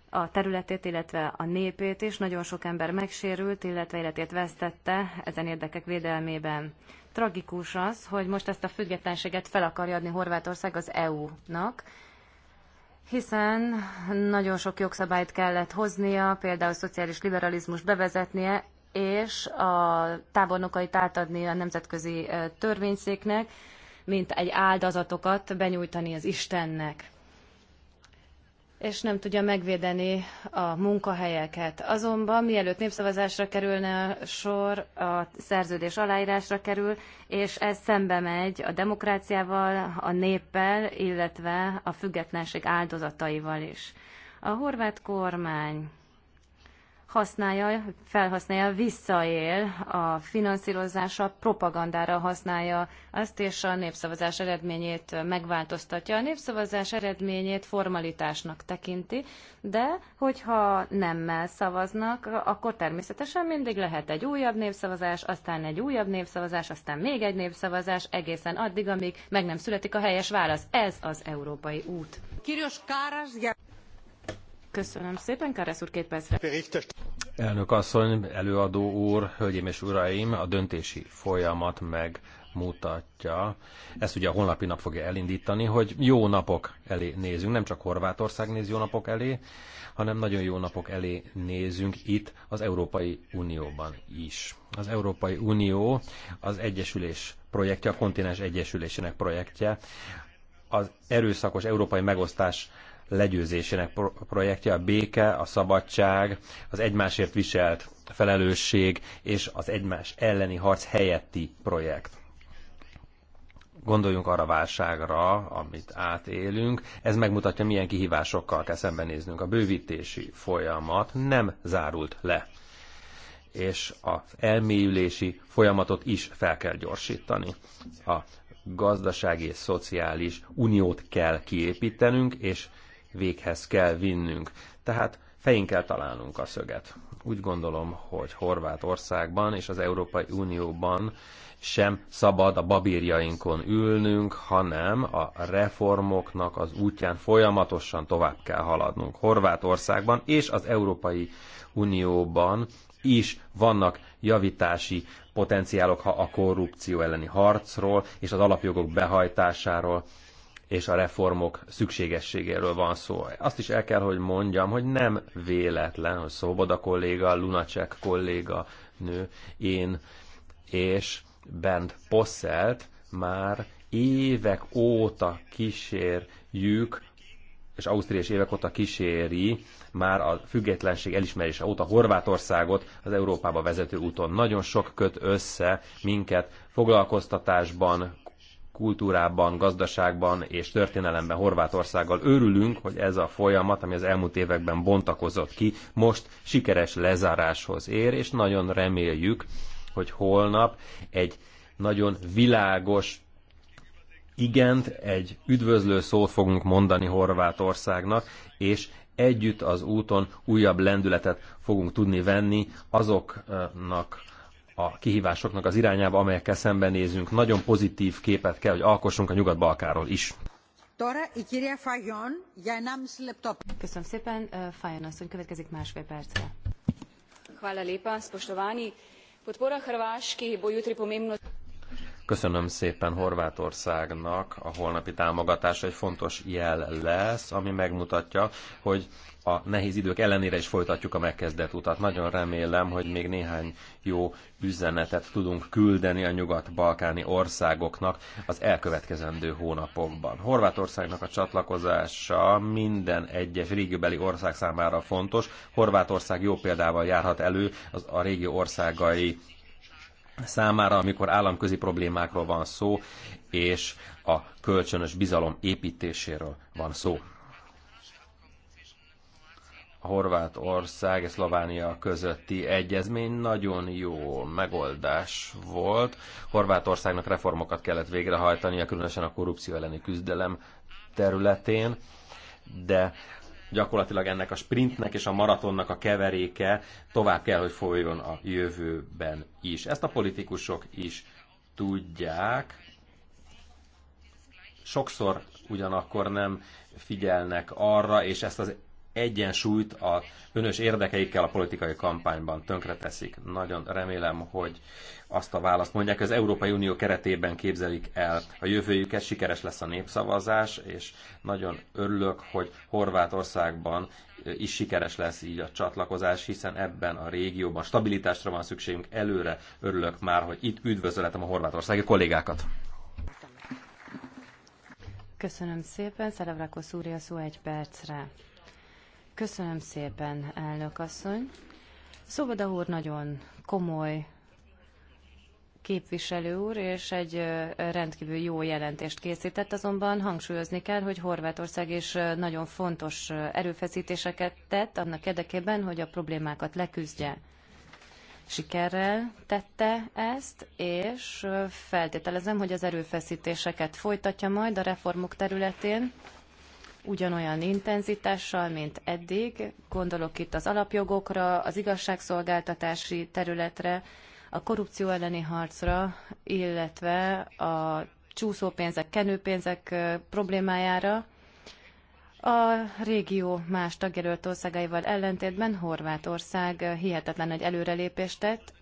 a területét, illetve a népét is. Nagyon sok ember megsérült, illetve életét vesztette ezen érdekek védelmében. Tragikus az, hogy most ezt a függetlenséget fel akarja adni Horvátország az EU-nak, hiszen nagyon sok jogszabályt kellett hoznia, például szociális liberalizmus bevezetnie, és a tábornokait átadni a nemzetközi törvényszéknek, mint egy áldozatokat benyújtani az Istennek és nem tudja megvédeni a munkahelyeket. Azonban mielőtt népszavazásra kerülne a sor, a szerződés aláírásra kerül, és ez szembe megy a demokráciával, a néppel, illetve a függetlenség áldozataival is. A horvát kormány használja, felhasználja, visszaél a finanszírozásra, propagandára használja azt, és a népszavazás eredményét megváltoztatja. A népszavazás eredményét formalitásnak tekinti, de hogyha nemmel szavaznak, akkor természetesen mindig lehet egy újabb népszavazás, aztán egy újabb népszavazás, aztán még egy népszavazás, egészen addig, amíg meg nem születik a helyes válasz. Ez az európai út. Köszönöm szépen, Káresz úr, két percre. Elnök asszony, előadó úr, hölgyeim és uraim, a döntési folyamat megmutatja, ezt ugye a honlapi nap fogja elindítani, hogy jó napok elé nézünk, nem csak Horvátország néz jó napok elé, hanem nagyon jó napok elé nézünk itt az Európai Unióban is. Az Európai Unió az Egyesülés projektje, a kontinens egyesülésének projektje, az erőszakos európai megosztás legyőzésének projektje, a béke, a szabadság, az egymásért viselt felelősség és az egymás elleni harc helyetti projekt. Gondoljunk arra válságra, amit átélünk. Ez megmutatja, milyen kihívásokkal kell szembenéznünk. A bővítési folyamat nem zárult le és az elmélyülési folyamatot is fel kell gyorsítani. A gazdasági és szociális uniót kell kiépítenünk, és véghez kell vinnünk. Tehát fején kell találnunk a szöget. Úgy gondolom, hogy Horvátországban és az Európai Unióban sem szabad a babírjainkon ülnünk, hanem a reformoknak az útján folyamatosan tovább kell haladnunk. Horvátországban és az Európai Unióban is vannak javítási potenciálok, ha a korrupció elleni harcról és az alapjogok behajtásáról és a reformok szükségességéről van szó. Azt is el kell, hogy mondjam, hogy nem véletlen, hogy Szoboda kolléga, Lunacek kolléga, nő, én és Bent Posselt már évek óta kísérjük és Ausztria évek óta kíséri már a függetlenség elismerése óta Horvátországot az Európába vezető úton. Nagyon sok köt össze minket foglalkoztatásban, kultúrában, gazdaságban és történelemben Horvátországgal. Örülünk, hogy ez a folyamat, ami az elmúlt években bontakozott ki, most sikeres lezáráshoz ér, és nagyon reméljük, hogy holnap egy nagyon világos igent, egy üdvözlő szót fogunk mondani Horvátországnak, és együtt az úton újabb lendületet fogunk tudni venni azoknak a kihívásoknak az irányába, amelyekkel szembenézünk. Nagyon pozitív képet kell, hogy alkossunk a Nyugat-Balkáról is. Köszönöm szépen. Fajon asszony következik másfél percre. Hvala lepa, spoštovani. Podpora Hrvaški bo jutri pomembno... Köszönöm szépen Horvátországnak, a holnapi támogatás egy fontos jel lesz, ami megmutatja, hogy a nehéz idők ellenére is folytatjuk a megkezdett utat. Nagyon remélem, hogy még néhány jó üzenetet tudunk küldeni a nyugat-balkáni országoknak az elkövetkezendő hónapokban. Horvátországnak a csatlakozása minden egyes régióbeli ország számára fontos. Horvátország jó példával járhat elő az a régió országai számára, amikor államközi problémákról van szó, és a kölcsönös bizalom építéséről van szó. A Horvátország és Szlovánia közötti egyezmény nagyon jó megoldás volt. Horvátországnak reformokat kellett végrehajtania, különösen a korrupció elleni küzdelem területén, de gyakorlatilag ennek a sprintnek és a maratonnak a keveréke tovább kell, hogy folyjon a jövőben is. Ezt a politikusok is tudják. Sokszor ugyanakkor nem figyelnek arra, és ezt az egyensúlyt a önös érdekeikkel a politikai kampányban tönkreteszik. Nagyon remélem, hogy azt a választ mondják, az Európai Unió keretében képzelik el a jövőjüket, sikeres lesz a népszavazás, és nagyon örülök, hogy Horvátországban is sikeres lesz így a csatlakozás, hiszen ebben a régióban stabilitásra van szükségünk előre. Örülök már, hogy itt üdvözöletem a horvátországi kollégákat. Köszönöm szépen, Szelevrakos úr, a szó egy percre. Köszönöm szépen, elnök asszony. Szoboda úr nagyon komoly képviselő úr, és egy rendkívül jó jelentést készített, azonban hangsúlyozni kell, hogy Horvátország is nagyon fontos erőfeszítéseket tett annak érdekében, hogy a problémákat leküzdje. Sikerrel tette ezt, és feltételezem, hogy az erőfeszítéseket folytatja majd a reformok területén, ugyanolyan intenzitással, mint eddig. Gondolok itt az alapjogokra, az igazságszolgáltatási területre, a korrupció elleni harcra, illetve a csúszópénzek, kenőpénzek problémájára. A régió más tagjelölt országaival ellentétben Horvátország hihetetlen egy előrelépést tett,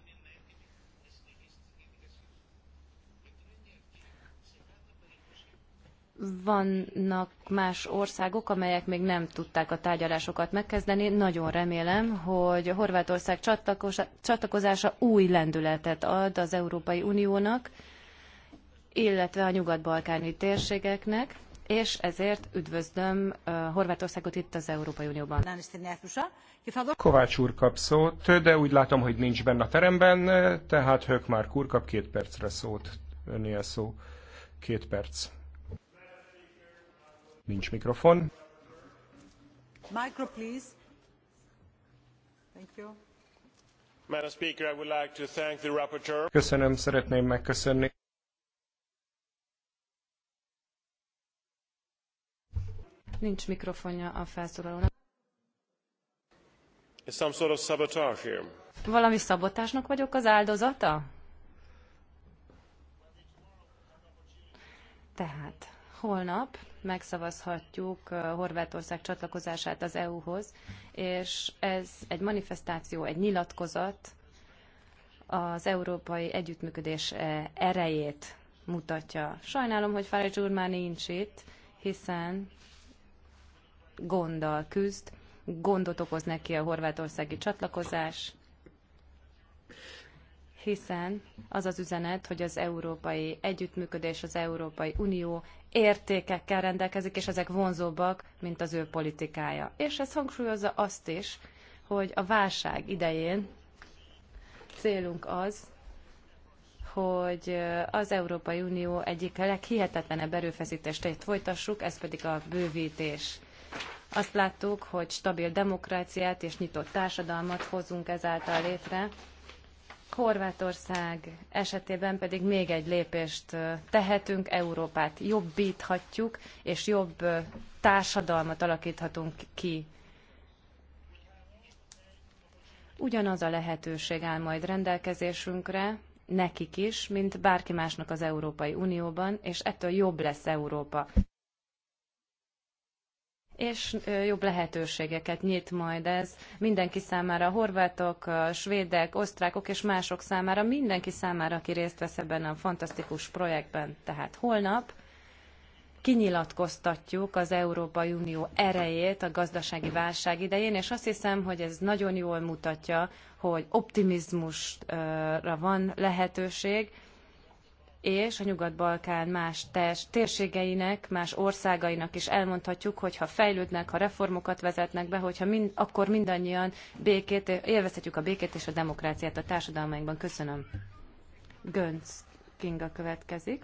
vannak más országok, amelyek még nem tudták a tárgyalásokat megkezdeni. Nagyon remélem, hogy Horvátország csatlakozása új lendületet ad az Európai Uniónak, illetve a nyugat-balkáni térségeknek, és ezért üdvözlöm Horvátországot itt az Európai Unióban. Kovács úr kap szót, de úgy látom, hogy nincs benne a teremben, tehát Hökmár úr kap két percre szót. Önnél szó. Két perc. Nincs mikrofon. Micro, please. Thank you. Madam Speaker, I would like to thank the rapporteur. Köszönöm, szeretném megköszönni. Nincs mikrofonja a felszólalónak. It's some sort of sabotage here. Valami szabotásnak vagyok az áldozata? Tehát holnap megszavazhatjuk Horvátország csatlakozását az EU-hoz, és ez egy manifestáció, egy nyilatkozat az európai együttműködés erejét mutatja. Sajnálom, hogy Farage úr már nincs itt, hiszen gonddal küzd, gondot okoz neki a horvátországi csatlakozás, hiszen az az üzenet, hogy az európai együttműködés, az Európai Unió értékekkel rendelkezik, és ezek vonzóbbak, mint az ő politikája. És ez hangsúlyozza azt is, hogy a válság idején célunk az, hogy az Európai Unió egyik leghihetetlenebb erőfeszítést folytassuk, ez pedig a bővítés. Azt láttuk, hogy stabil demokráciát és nyitott társadalmat hozunk ezáltal létre, Horvátország esetében pedig még egy lépést tehetünk, Európát jobbíthatjuk, és jobb társadalmat alakíthatunk ki. Ugyanaz a lehetőség áll majd rendelkezésünkre, nekik is, mint bárki másnak az Európai Unióban, és ettől jobb lesz Európa és jobb lehetőségeket nyit majd ez mindenki számára, a horvátok, a svédek, osztrákok és mások számára, mindenki számára, aki részt vesz ebben a fantasztikus projektben. Tehát holnap kinyilatkoztatjuk az Európai Unió erejét a gazdasági válság idején, és azt hiszem, hogy ez nagyon jól mutatja, hogy optimizmusra van lehetőség, és a Nyugat-Balkán más test, térségeinek, más országainak is elmondhatjuk, hogy ha fejlődnek, ha reformokat vezetnek be, hogyha mind, akkor mindannyian békét, élvezhetjük a békét és a demokráciát a társadalmainkban. Köszönöm. Gönc Kinga következik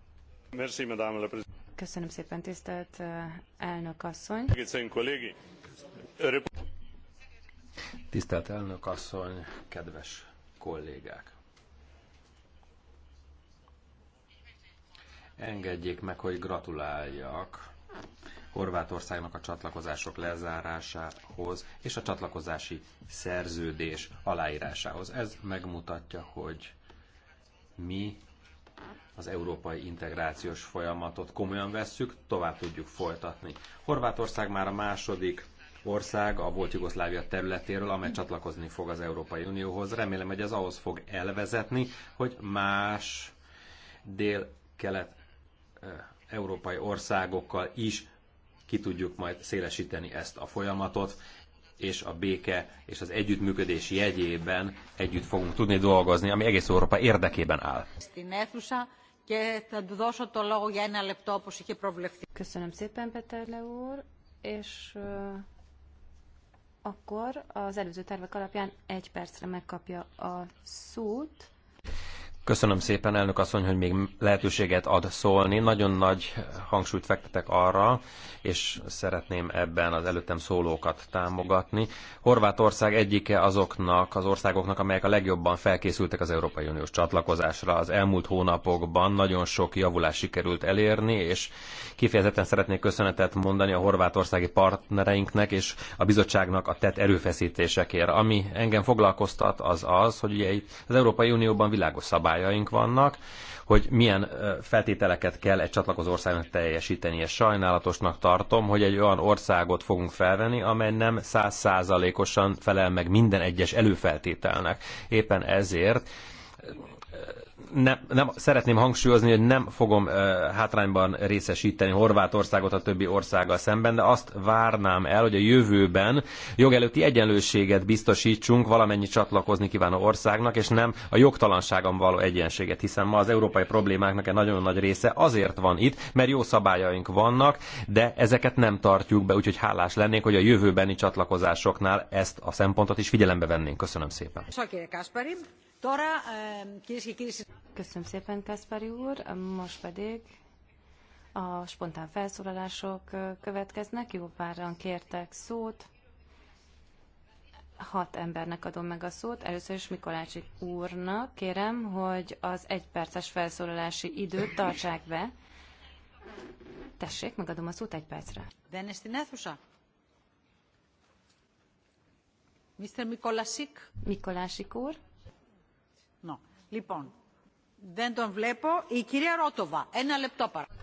Köszönöm szépen, tisztelt eh, elnök asszony. Tisztelt elnök asszony, kedves kollégák! Engedjék meg, hogy gratuláljak Horvátországnak a csatlakozások lezárásához és a csatlakozási szerződés aláírásához. Ez megmutatja, hogy mi az európai integrációs folyamatot komolyan vesszük, tovább tudjuk folytatni. Horvátország már a második ország a volt Jugoszlávia területéről, amely csatlakozni fog az Európai Unióhoz. Remélem, hogy ez ahhoz fog elvezetni, hogy más dél-kelet eh, európai országokkal is ki tudjuk majd szélesíteni ezt a folyamatot, és a béke és az együttműködés jegyében együtt fogunk tudni dolgozni, ami egész Európa érdekében áll. Köszönöm szépen, Peterle úr, és akkor az előző tervek alapján egy percre megkapja a szót. Köszönöm szépen, elnök asszony, hogy még lehetőséget ad szólni. Nagyon nagy hangsúlyt fektetek arra, és szeretném ebben az előttem szólókat támogatni. Horvátország egyike azoknak az országoknak, amelyek a legjobban felkészültek az Európai Uniós csatlakozásra. Az elmúlt hónapokban nagyon sok javulás sikerült elérni, és kifejezetten szeretnék köszönetet mondani a horvátországi partnereinknek és a bizottságnak a tett erőfeszítésekért. Ami engem foglalkoztat, az az, hogy ugye itt az Európai Unióban világos szabály szabályaink vannak, hogy milyen feltételeket kell egy csatlakozó országnak És Sajnálatosnak tartom, hogy egy olyan országot fogunk felvenni, amely nem százszázalékosan felel meg minden egyes előfeltételnek. Éppen ezért nem, nem, szeretném hangsúlyozni, hogy nem fogom hátrányban részesíteni Horvátországot a többi országgal szemben, de azt várnám el, hogy a jövőben jogelőtti egyenlőséget biztosítsunk valamennyi csatlakozni kívánó országnak, és nem a jogtalanságon való egyenséget, hiszen ma az európai problémáknak egy nagyon nagy része azért van itt, mert jó szabályaink vannak, de ezeket nem tartjuk be, úgyhogy hálás lennék, hogy a jövőbeni csatlakozásoknál ezt a szempontot is figyelembe vennénk. Köszönöm szépen. Sakér Kasparim. Köszönöm szépen, Kaspari úr. Most pedig a spontán felszólalások következnek. Jó páran kértek szót. Hat embernek adom meg a szót. Először is Mikolácsik úrnak kérem, hogy az egyperces felszólalási időt tartsák be. Tessék, megadom a szót egy percre. Mr. Mikolásik? Mikolásik úr. Λοιπόν, δεν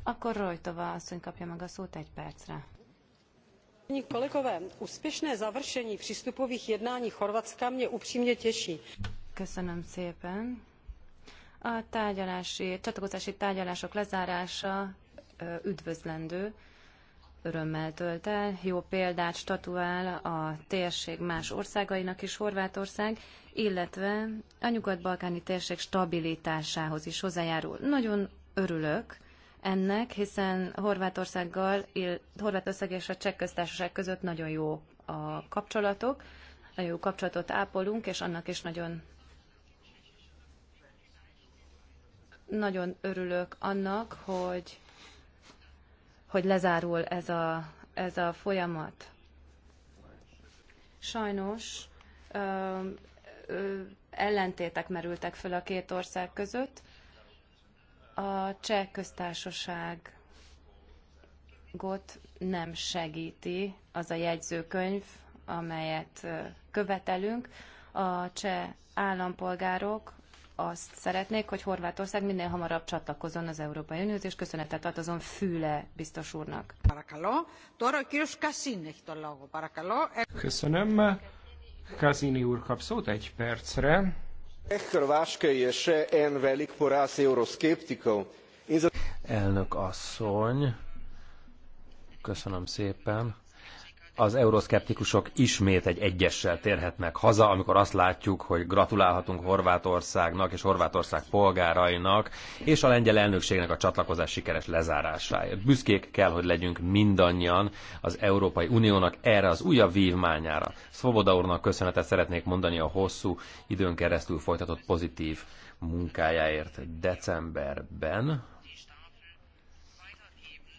Akkor egy percre. úspěšné završení přístupových jednání Chorvatska mě upřímně těší. Köszönöm szépen. A tárgyalási, csatlakozási tárgyalások lezárása üdvözlendő örömmel tölt el. Jó példát statuál a térség más országainak is Horvátország, illetve a nyugat-balkáni térség stabilitásához is hozzájárul. Nagyon örülök ennek, hiszen Horvátországgal, Horvátország és a Cseh köztársaság között nagyon jó a kapcsolatok, nagyon jó kapcsolatot ápolunk, és annak is nagyon nagyon örülök annak, hogy hogy lezárul ez a, ez a folyamat. Sajnos ö, ö, ellentétek merültek föl a két ország között. A cseh köztársaságot nem segíti az a jegyzőkönyv, amelyet követelünk. A cseh állampolgárok azt szeretnék, hogy Horvátország minél hamarabb csatlakozzon az Európai Unióhoz, és köszönetet azon Füle biztos úrnak. Köszönöm. Kazini úr kap szót egy percre. Elnök asszony, köszönöm szépen az euroszkeptikusok ismét egy egyessel térhetnek haza, amikor azt látjuk, hogy gratulálhatunk Horvátországnak és Horvátország polgárainak, és a lengyel elnökségnek a csatlakozás sikeres lezárásáért. Büszkék kell, hogy legyünk mindannyian az Európai Uniónak erre az újabb vívmányára. Svoboda úrnak köszönetet szeretnék mondani a hosszú időn keresztül folytatott pozitív munkájáért decemberben,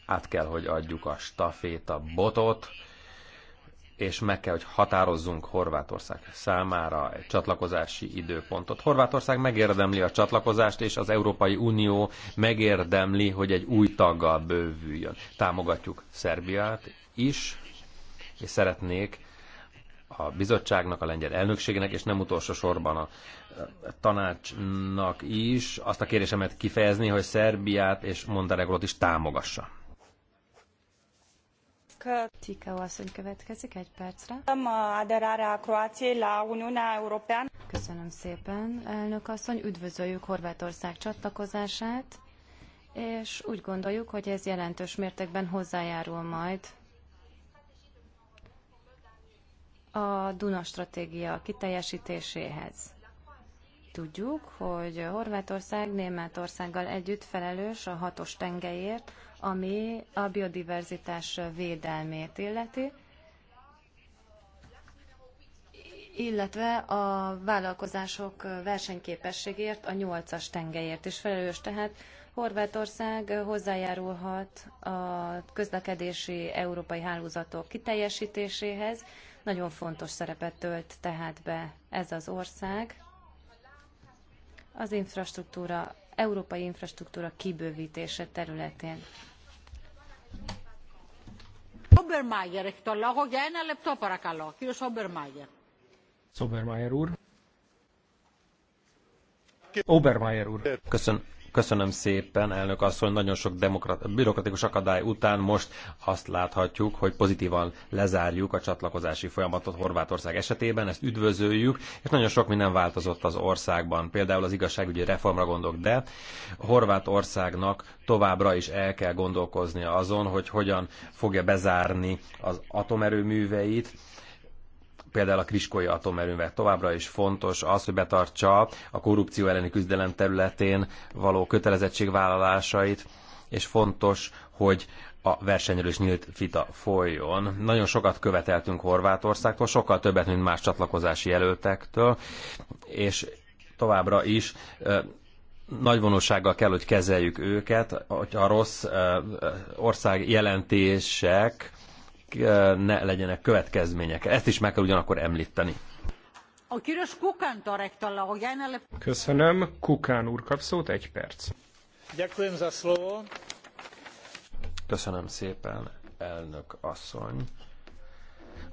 át kell, hogy adjuk a staféta botot és meg kell, hogy határozzunk Horvátország számára egy csatlakozási időpontot. Horvátország megérdemli a csatlakozást, és az Európai Unió megérdemli, hogy egy új taggal bővüljön. Támogatjuk Szerbiát is, és szeretnék a bizottságnak, a lengyel elnökségnek, és nem utolsó sorban a tanácsnak is azt a kérésemet kifejezni, hogy Szerbiát és Montenegrót is támogassa. Tika asszony következik egy percre. Aderarea Croáciei la Uniunea Europeană. Köszönöm szépen, elnök asszony. Üdvözöljük Horvátország csatlakozását, és úgy gondoljuk, hogy ez jelentős mértékben hozzájárul majd a Duna stratégia kiteljesítéséhez. Tudjuk, hogy Horvátország Németországgal együtt felelős a hatos tengelyért, ami a biodiverzitás védelmét illeti, illetve a vállalkozások versenyképességért, a nyolcas tengelyért is felelős. Tehát Horvátország hozzájárulhat a közlekedési európai hálózatok kiteljesítéséhez. Nagyon fontos szerepet tölt tehát be ez az ország az infrastruktúra, európai infrastruktúra kibővítése területén. Obermeyer, έχει το λόγο για ένα λεπτό παρακαλώ. Κύριος Obermeyer. Obermeyer úr. Obermeyer úr. Köszönöm. Köszönöm szépen, elnök asszony, nagyon sok demokrat, bürokratikus akadály után most azt láthatjuk, hogy pozitívan lezárjuk a csatlakozási folyamatot Horvátország esetében, ezt üdvözöljük, és nagyon sok minden változott az országban, például az igazságügyi reformra gondolok, de Horvátországnak továbbra is el kell gondolkoznia azon, hogy hogyan fogja bezárni az atomerőműveit, például a Kriskolya atomerőművek továbbra is fontos az, hogy betartsa a korrupció elleni küzdelem területén való kötelezettségvállalásait, és fontos, hogy a versenyről is nyílt vita folyjon. Nagyon sokat követeltünk Horvátországtól, sokkal többet, mint más csatlakozási jelöltektől, és továbbra is nagy vonósággal kell, hogy kezeljük őket, hogyha a rossz ország jelentések Eh, ne legyenek következmények. Ezt is meg kell ugyanakkor említeni. Köszönöm. Kukán úr kap szót, egy perc. Köszönöm szépen, elnök asszony.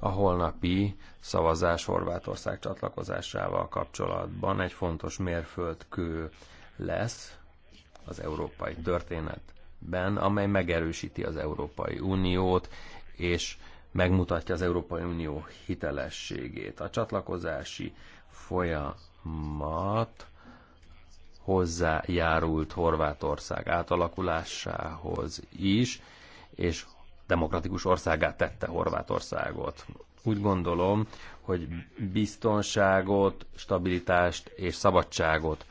A holnapi szavazás Horvátország csatlakozásával kapcsolatban egy fontos mérföldkő lesz az európai történetben, amely megerősíti az Európai Uniót, és megmutatja az Európai Unió hitelességét. A csatlakozási folyamat hozzájárult Horvátország átalakulásához is, és demokratikus országát tette Horvátországot. Úgy gondolom, hogy biztonságot, stabilitást és szabadságot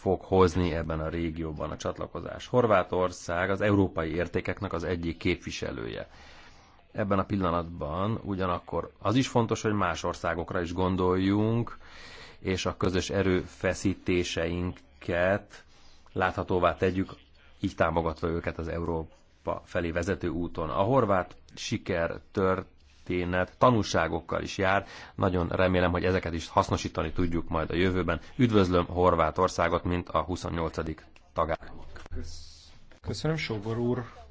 fog hozni ebben a régióban a csatlakozás. Horvátország az európai értékeknek az egyik képviselője ebben a pillanatban ugyanakkor az is fontos, hogy más országokra is gondoljunk, és a közös erőfeszítéseinket láthatóvá tegyük, így támogatva őket az Európa felé vezető úton. A horvát siker történet tanulságokkal is jár. Nagyon remélem, hogy ezeket is hasznosítani tudjuk majd a jövőben. Üdvözlöm Horvátországot, mint a 28. tagállamot. Köszönöm, Sobor úr!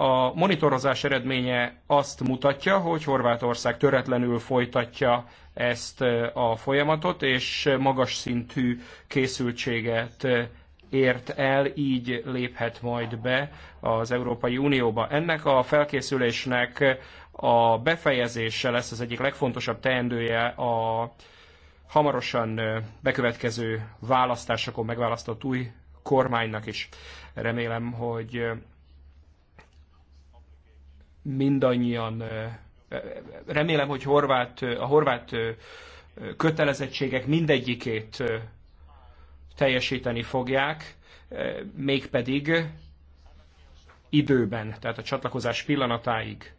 A monitorozás eredménye azt mutatja, hogy Horvátország töretlenül folytatja ezt a folyamatot, és magas szintű készültséget ért el, így léphet majd be az Európai Unióba. Ennek a felkészülésnek a befejezése lesz az egyik legfontosabb teendője a hamarosan bekövetkező választásokon megválasztott új kormánynak is. Remélem, hogy mindannyian, remélem, hogy horvát, a horvát kötelezettségek mindegyikét teljesíteni fogják, mégpedig időben, tehát a csatlakozás pillanatáig.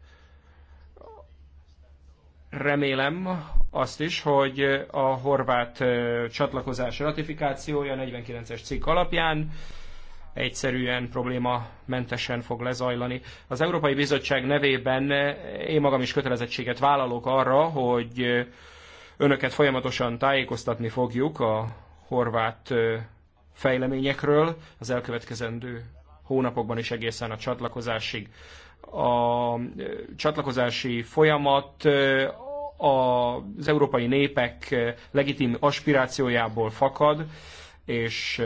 Remélem azt is, hogy a horvát csatlakozás ratifikációja 49-es cikk alapján egyszerűen probléma mentesen fog lezajlani. Az Európai Bizottság nevében eh, én magam is kötelezettséget vállalok arra, hogy eh, önöket folyamatosan tájékoztatni fogjuk a horvát eh, fejleményekről az elkövetkezendő hónapokban is egészen a csatlakozásig. A csatlakozási folyamat az európai népek legitim aspirációjából fakad, és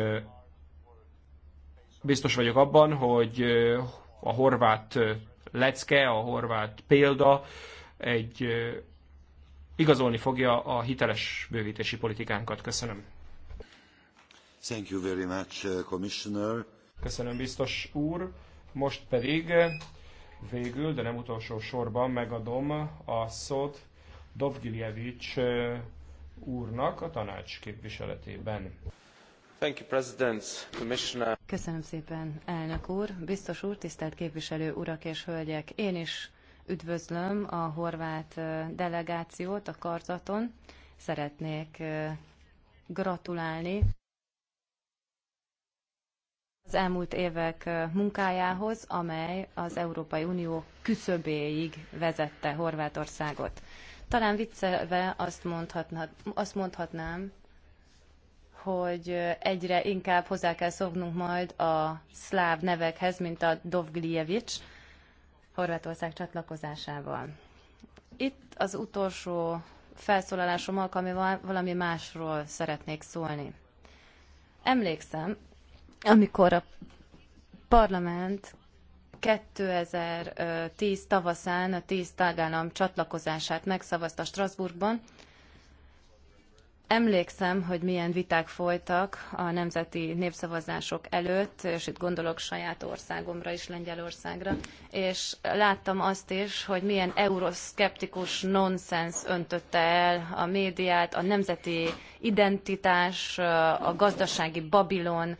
Biztos vagyok abban, hogy a horvát lecke, a horvát példa egy igazolni fogja a hiteles bővítési politikánkat. Köszönöm. Thank you very much, uh, Commissioner. Köszönöm, biztos úr. Most pedig végül, de nem utolsó sorban megadom a szót Dovgiljevics úrnak a tanács képviseletében. Köszönöm szépen, elnök úr, biztos úr, tisztelt képviselő urak és hölgyek. Én is üdvözlöm a horvát delegációt a karzaton. Szeretnék gratulálni az elmúlt évek munkájához, amely az Európai Unió küszöbéig vezette Horvátországot. Talán viccelve azt, mondhatna, azt mondhatnám, hogy egyre inkább hozzá kell szognunk majd a szláv nevekhez, mint a Dovglievics Horvátország csatlakozásával. Itt az utolsó felszólalásom alkalmával valami másról szeretnék szólni. Emlékszem, amikor a parlament 2010 tavaszán a 10 tagállam csatlakozását megszavazta Strasbourgban, Emlékszem, hogy milyen viták folytak a nemzeti népszavazások előtt, és itt gondolok saját országomra is, Lengyelországra, és láttam azt is, hogy milyen euroszkeptikus nonsens öntötte el a médiát, a nemzeti identitás, a gazdasági Babilon,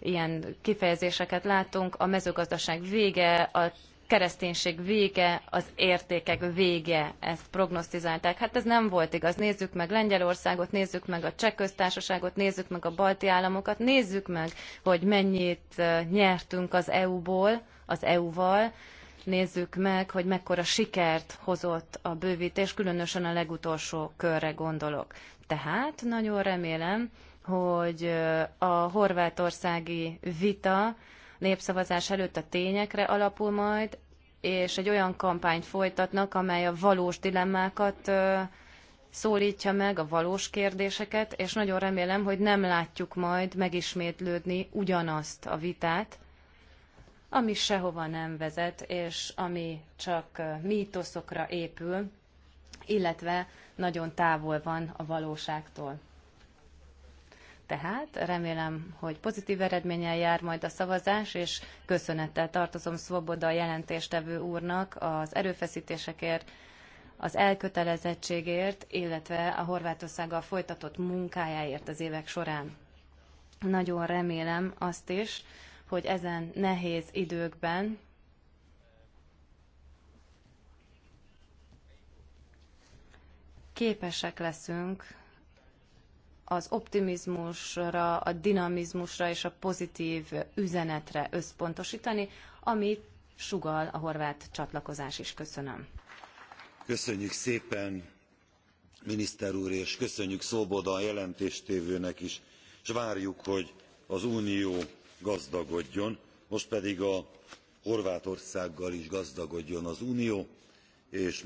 ilyen kifejezéseket látunk, a mezőgazdaság vége, a kereszténység vége, az értékek vége, ezt prognosztizálták. Hát ez nem volt igaz. Nézzük meg Lengyelországot, nézzük meg a Cseh köztársaságot, nézzük meg a balti államokat, nézzük meg, hogy mennyit nyertünk az EU-ból, az EU-val, nézzük meg, hogy mekkora sikert hozott a bővítés, különösen a legutolsó körre gondolok. Tehát nagyon remélem, hogy a horvátországi vita népszavazás előtt a tényekre alapul majd, és egy olyan kampányt folytatnak, amely a valós dilemmákat szólítja meg, a valós kérdéseket, és nagyon remélem, hogy nem látjuk majd megismétlődni ugyanazt a vitát, ami sehova nem vezet, és ami csak mítoszokra épül, illetve nagyon távol van a valóságtól. Tehát remélem, hogy pozitív eredménnyel jár majd a szavazás, és köszönettel tartozom Svoboda jelentéstevő úrnak az erőfeszítésekért, az elkötelezettségért, illetve a Horvátországgal folytatott munkájáért az évek során. Nagyon remélem azt is, hogy ezen nehéz időkben képesek leszünk az optimizmusra, a dinamizmusra és a pozitív üzenetre összpontosítani, amit sugal a horvát csatlakozás is. Köszönöm. Köszönjük szépen, miniszter úr, és köszönjük Szóboda a jelentéstévőnek is, és várjuk, hogy az Unió gazdagodjon, most pedig a Horvátországgal is gazdagodjon az Unió, és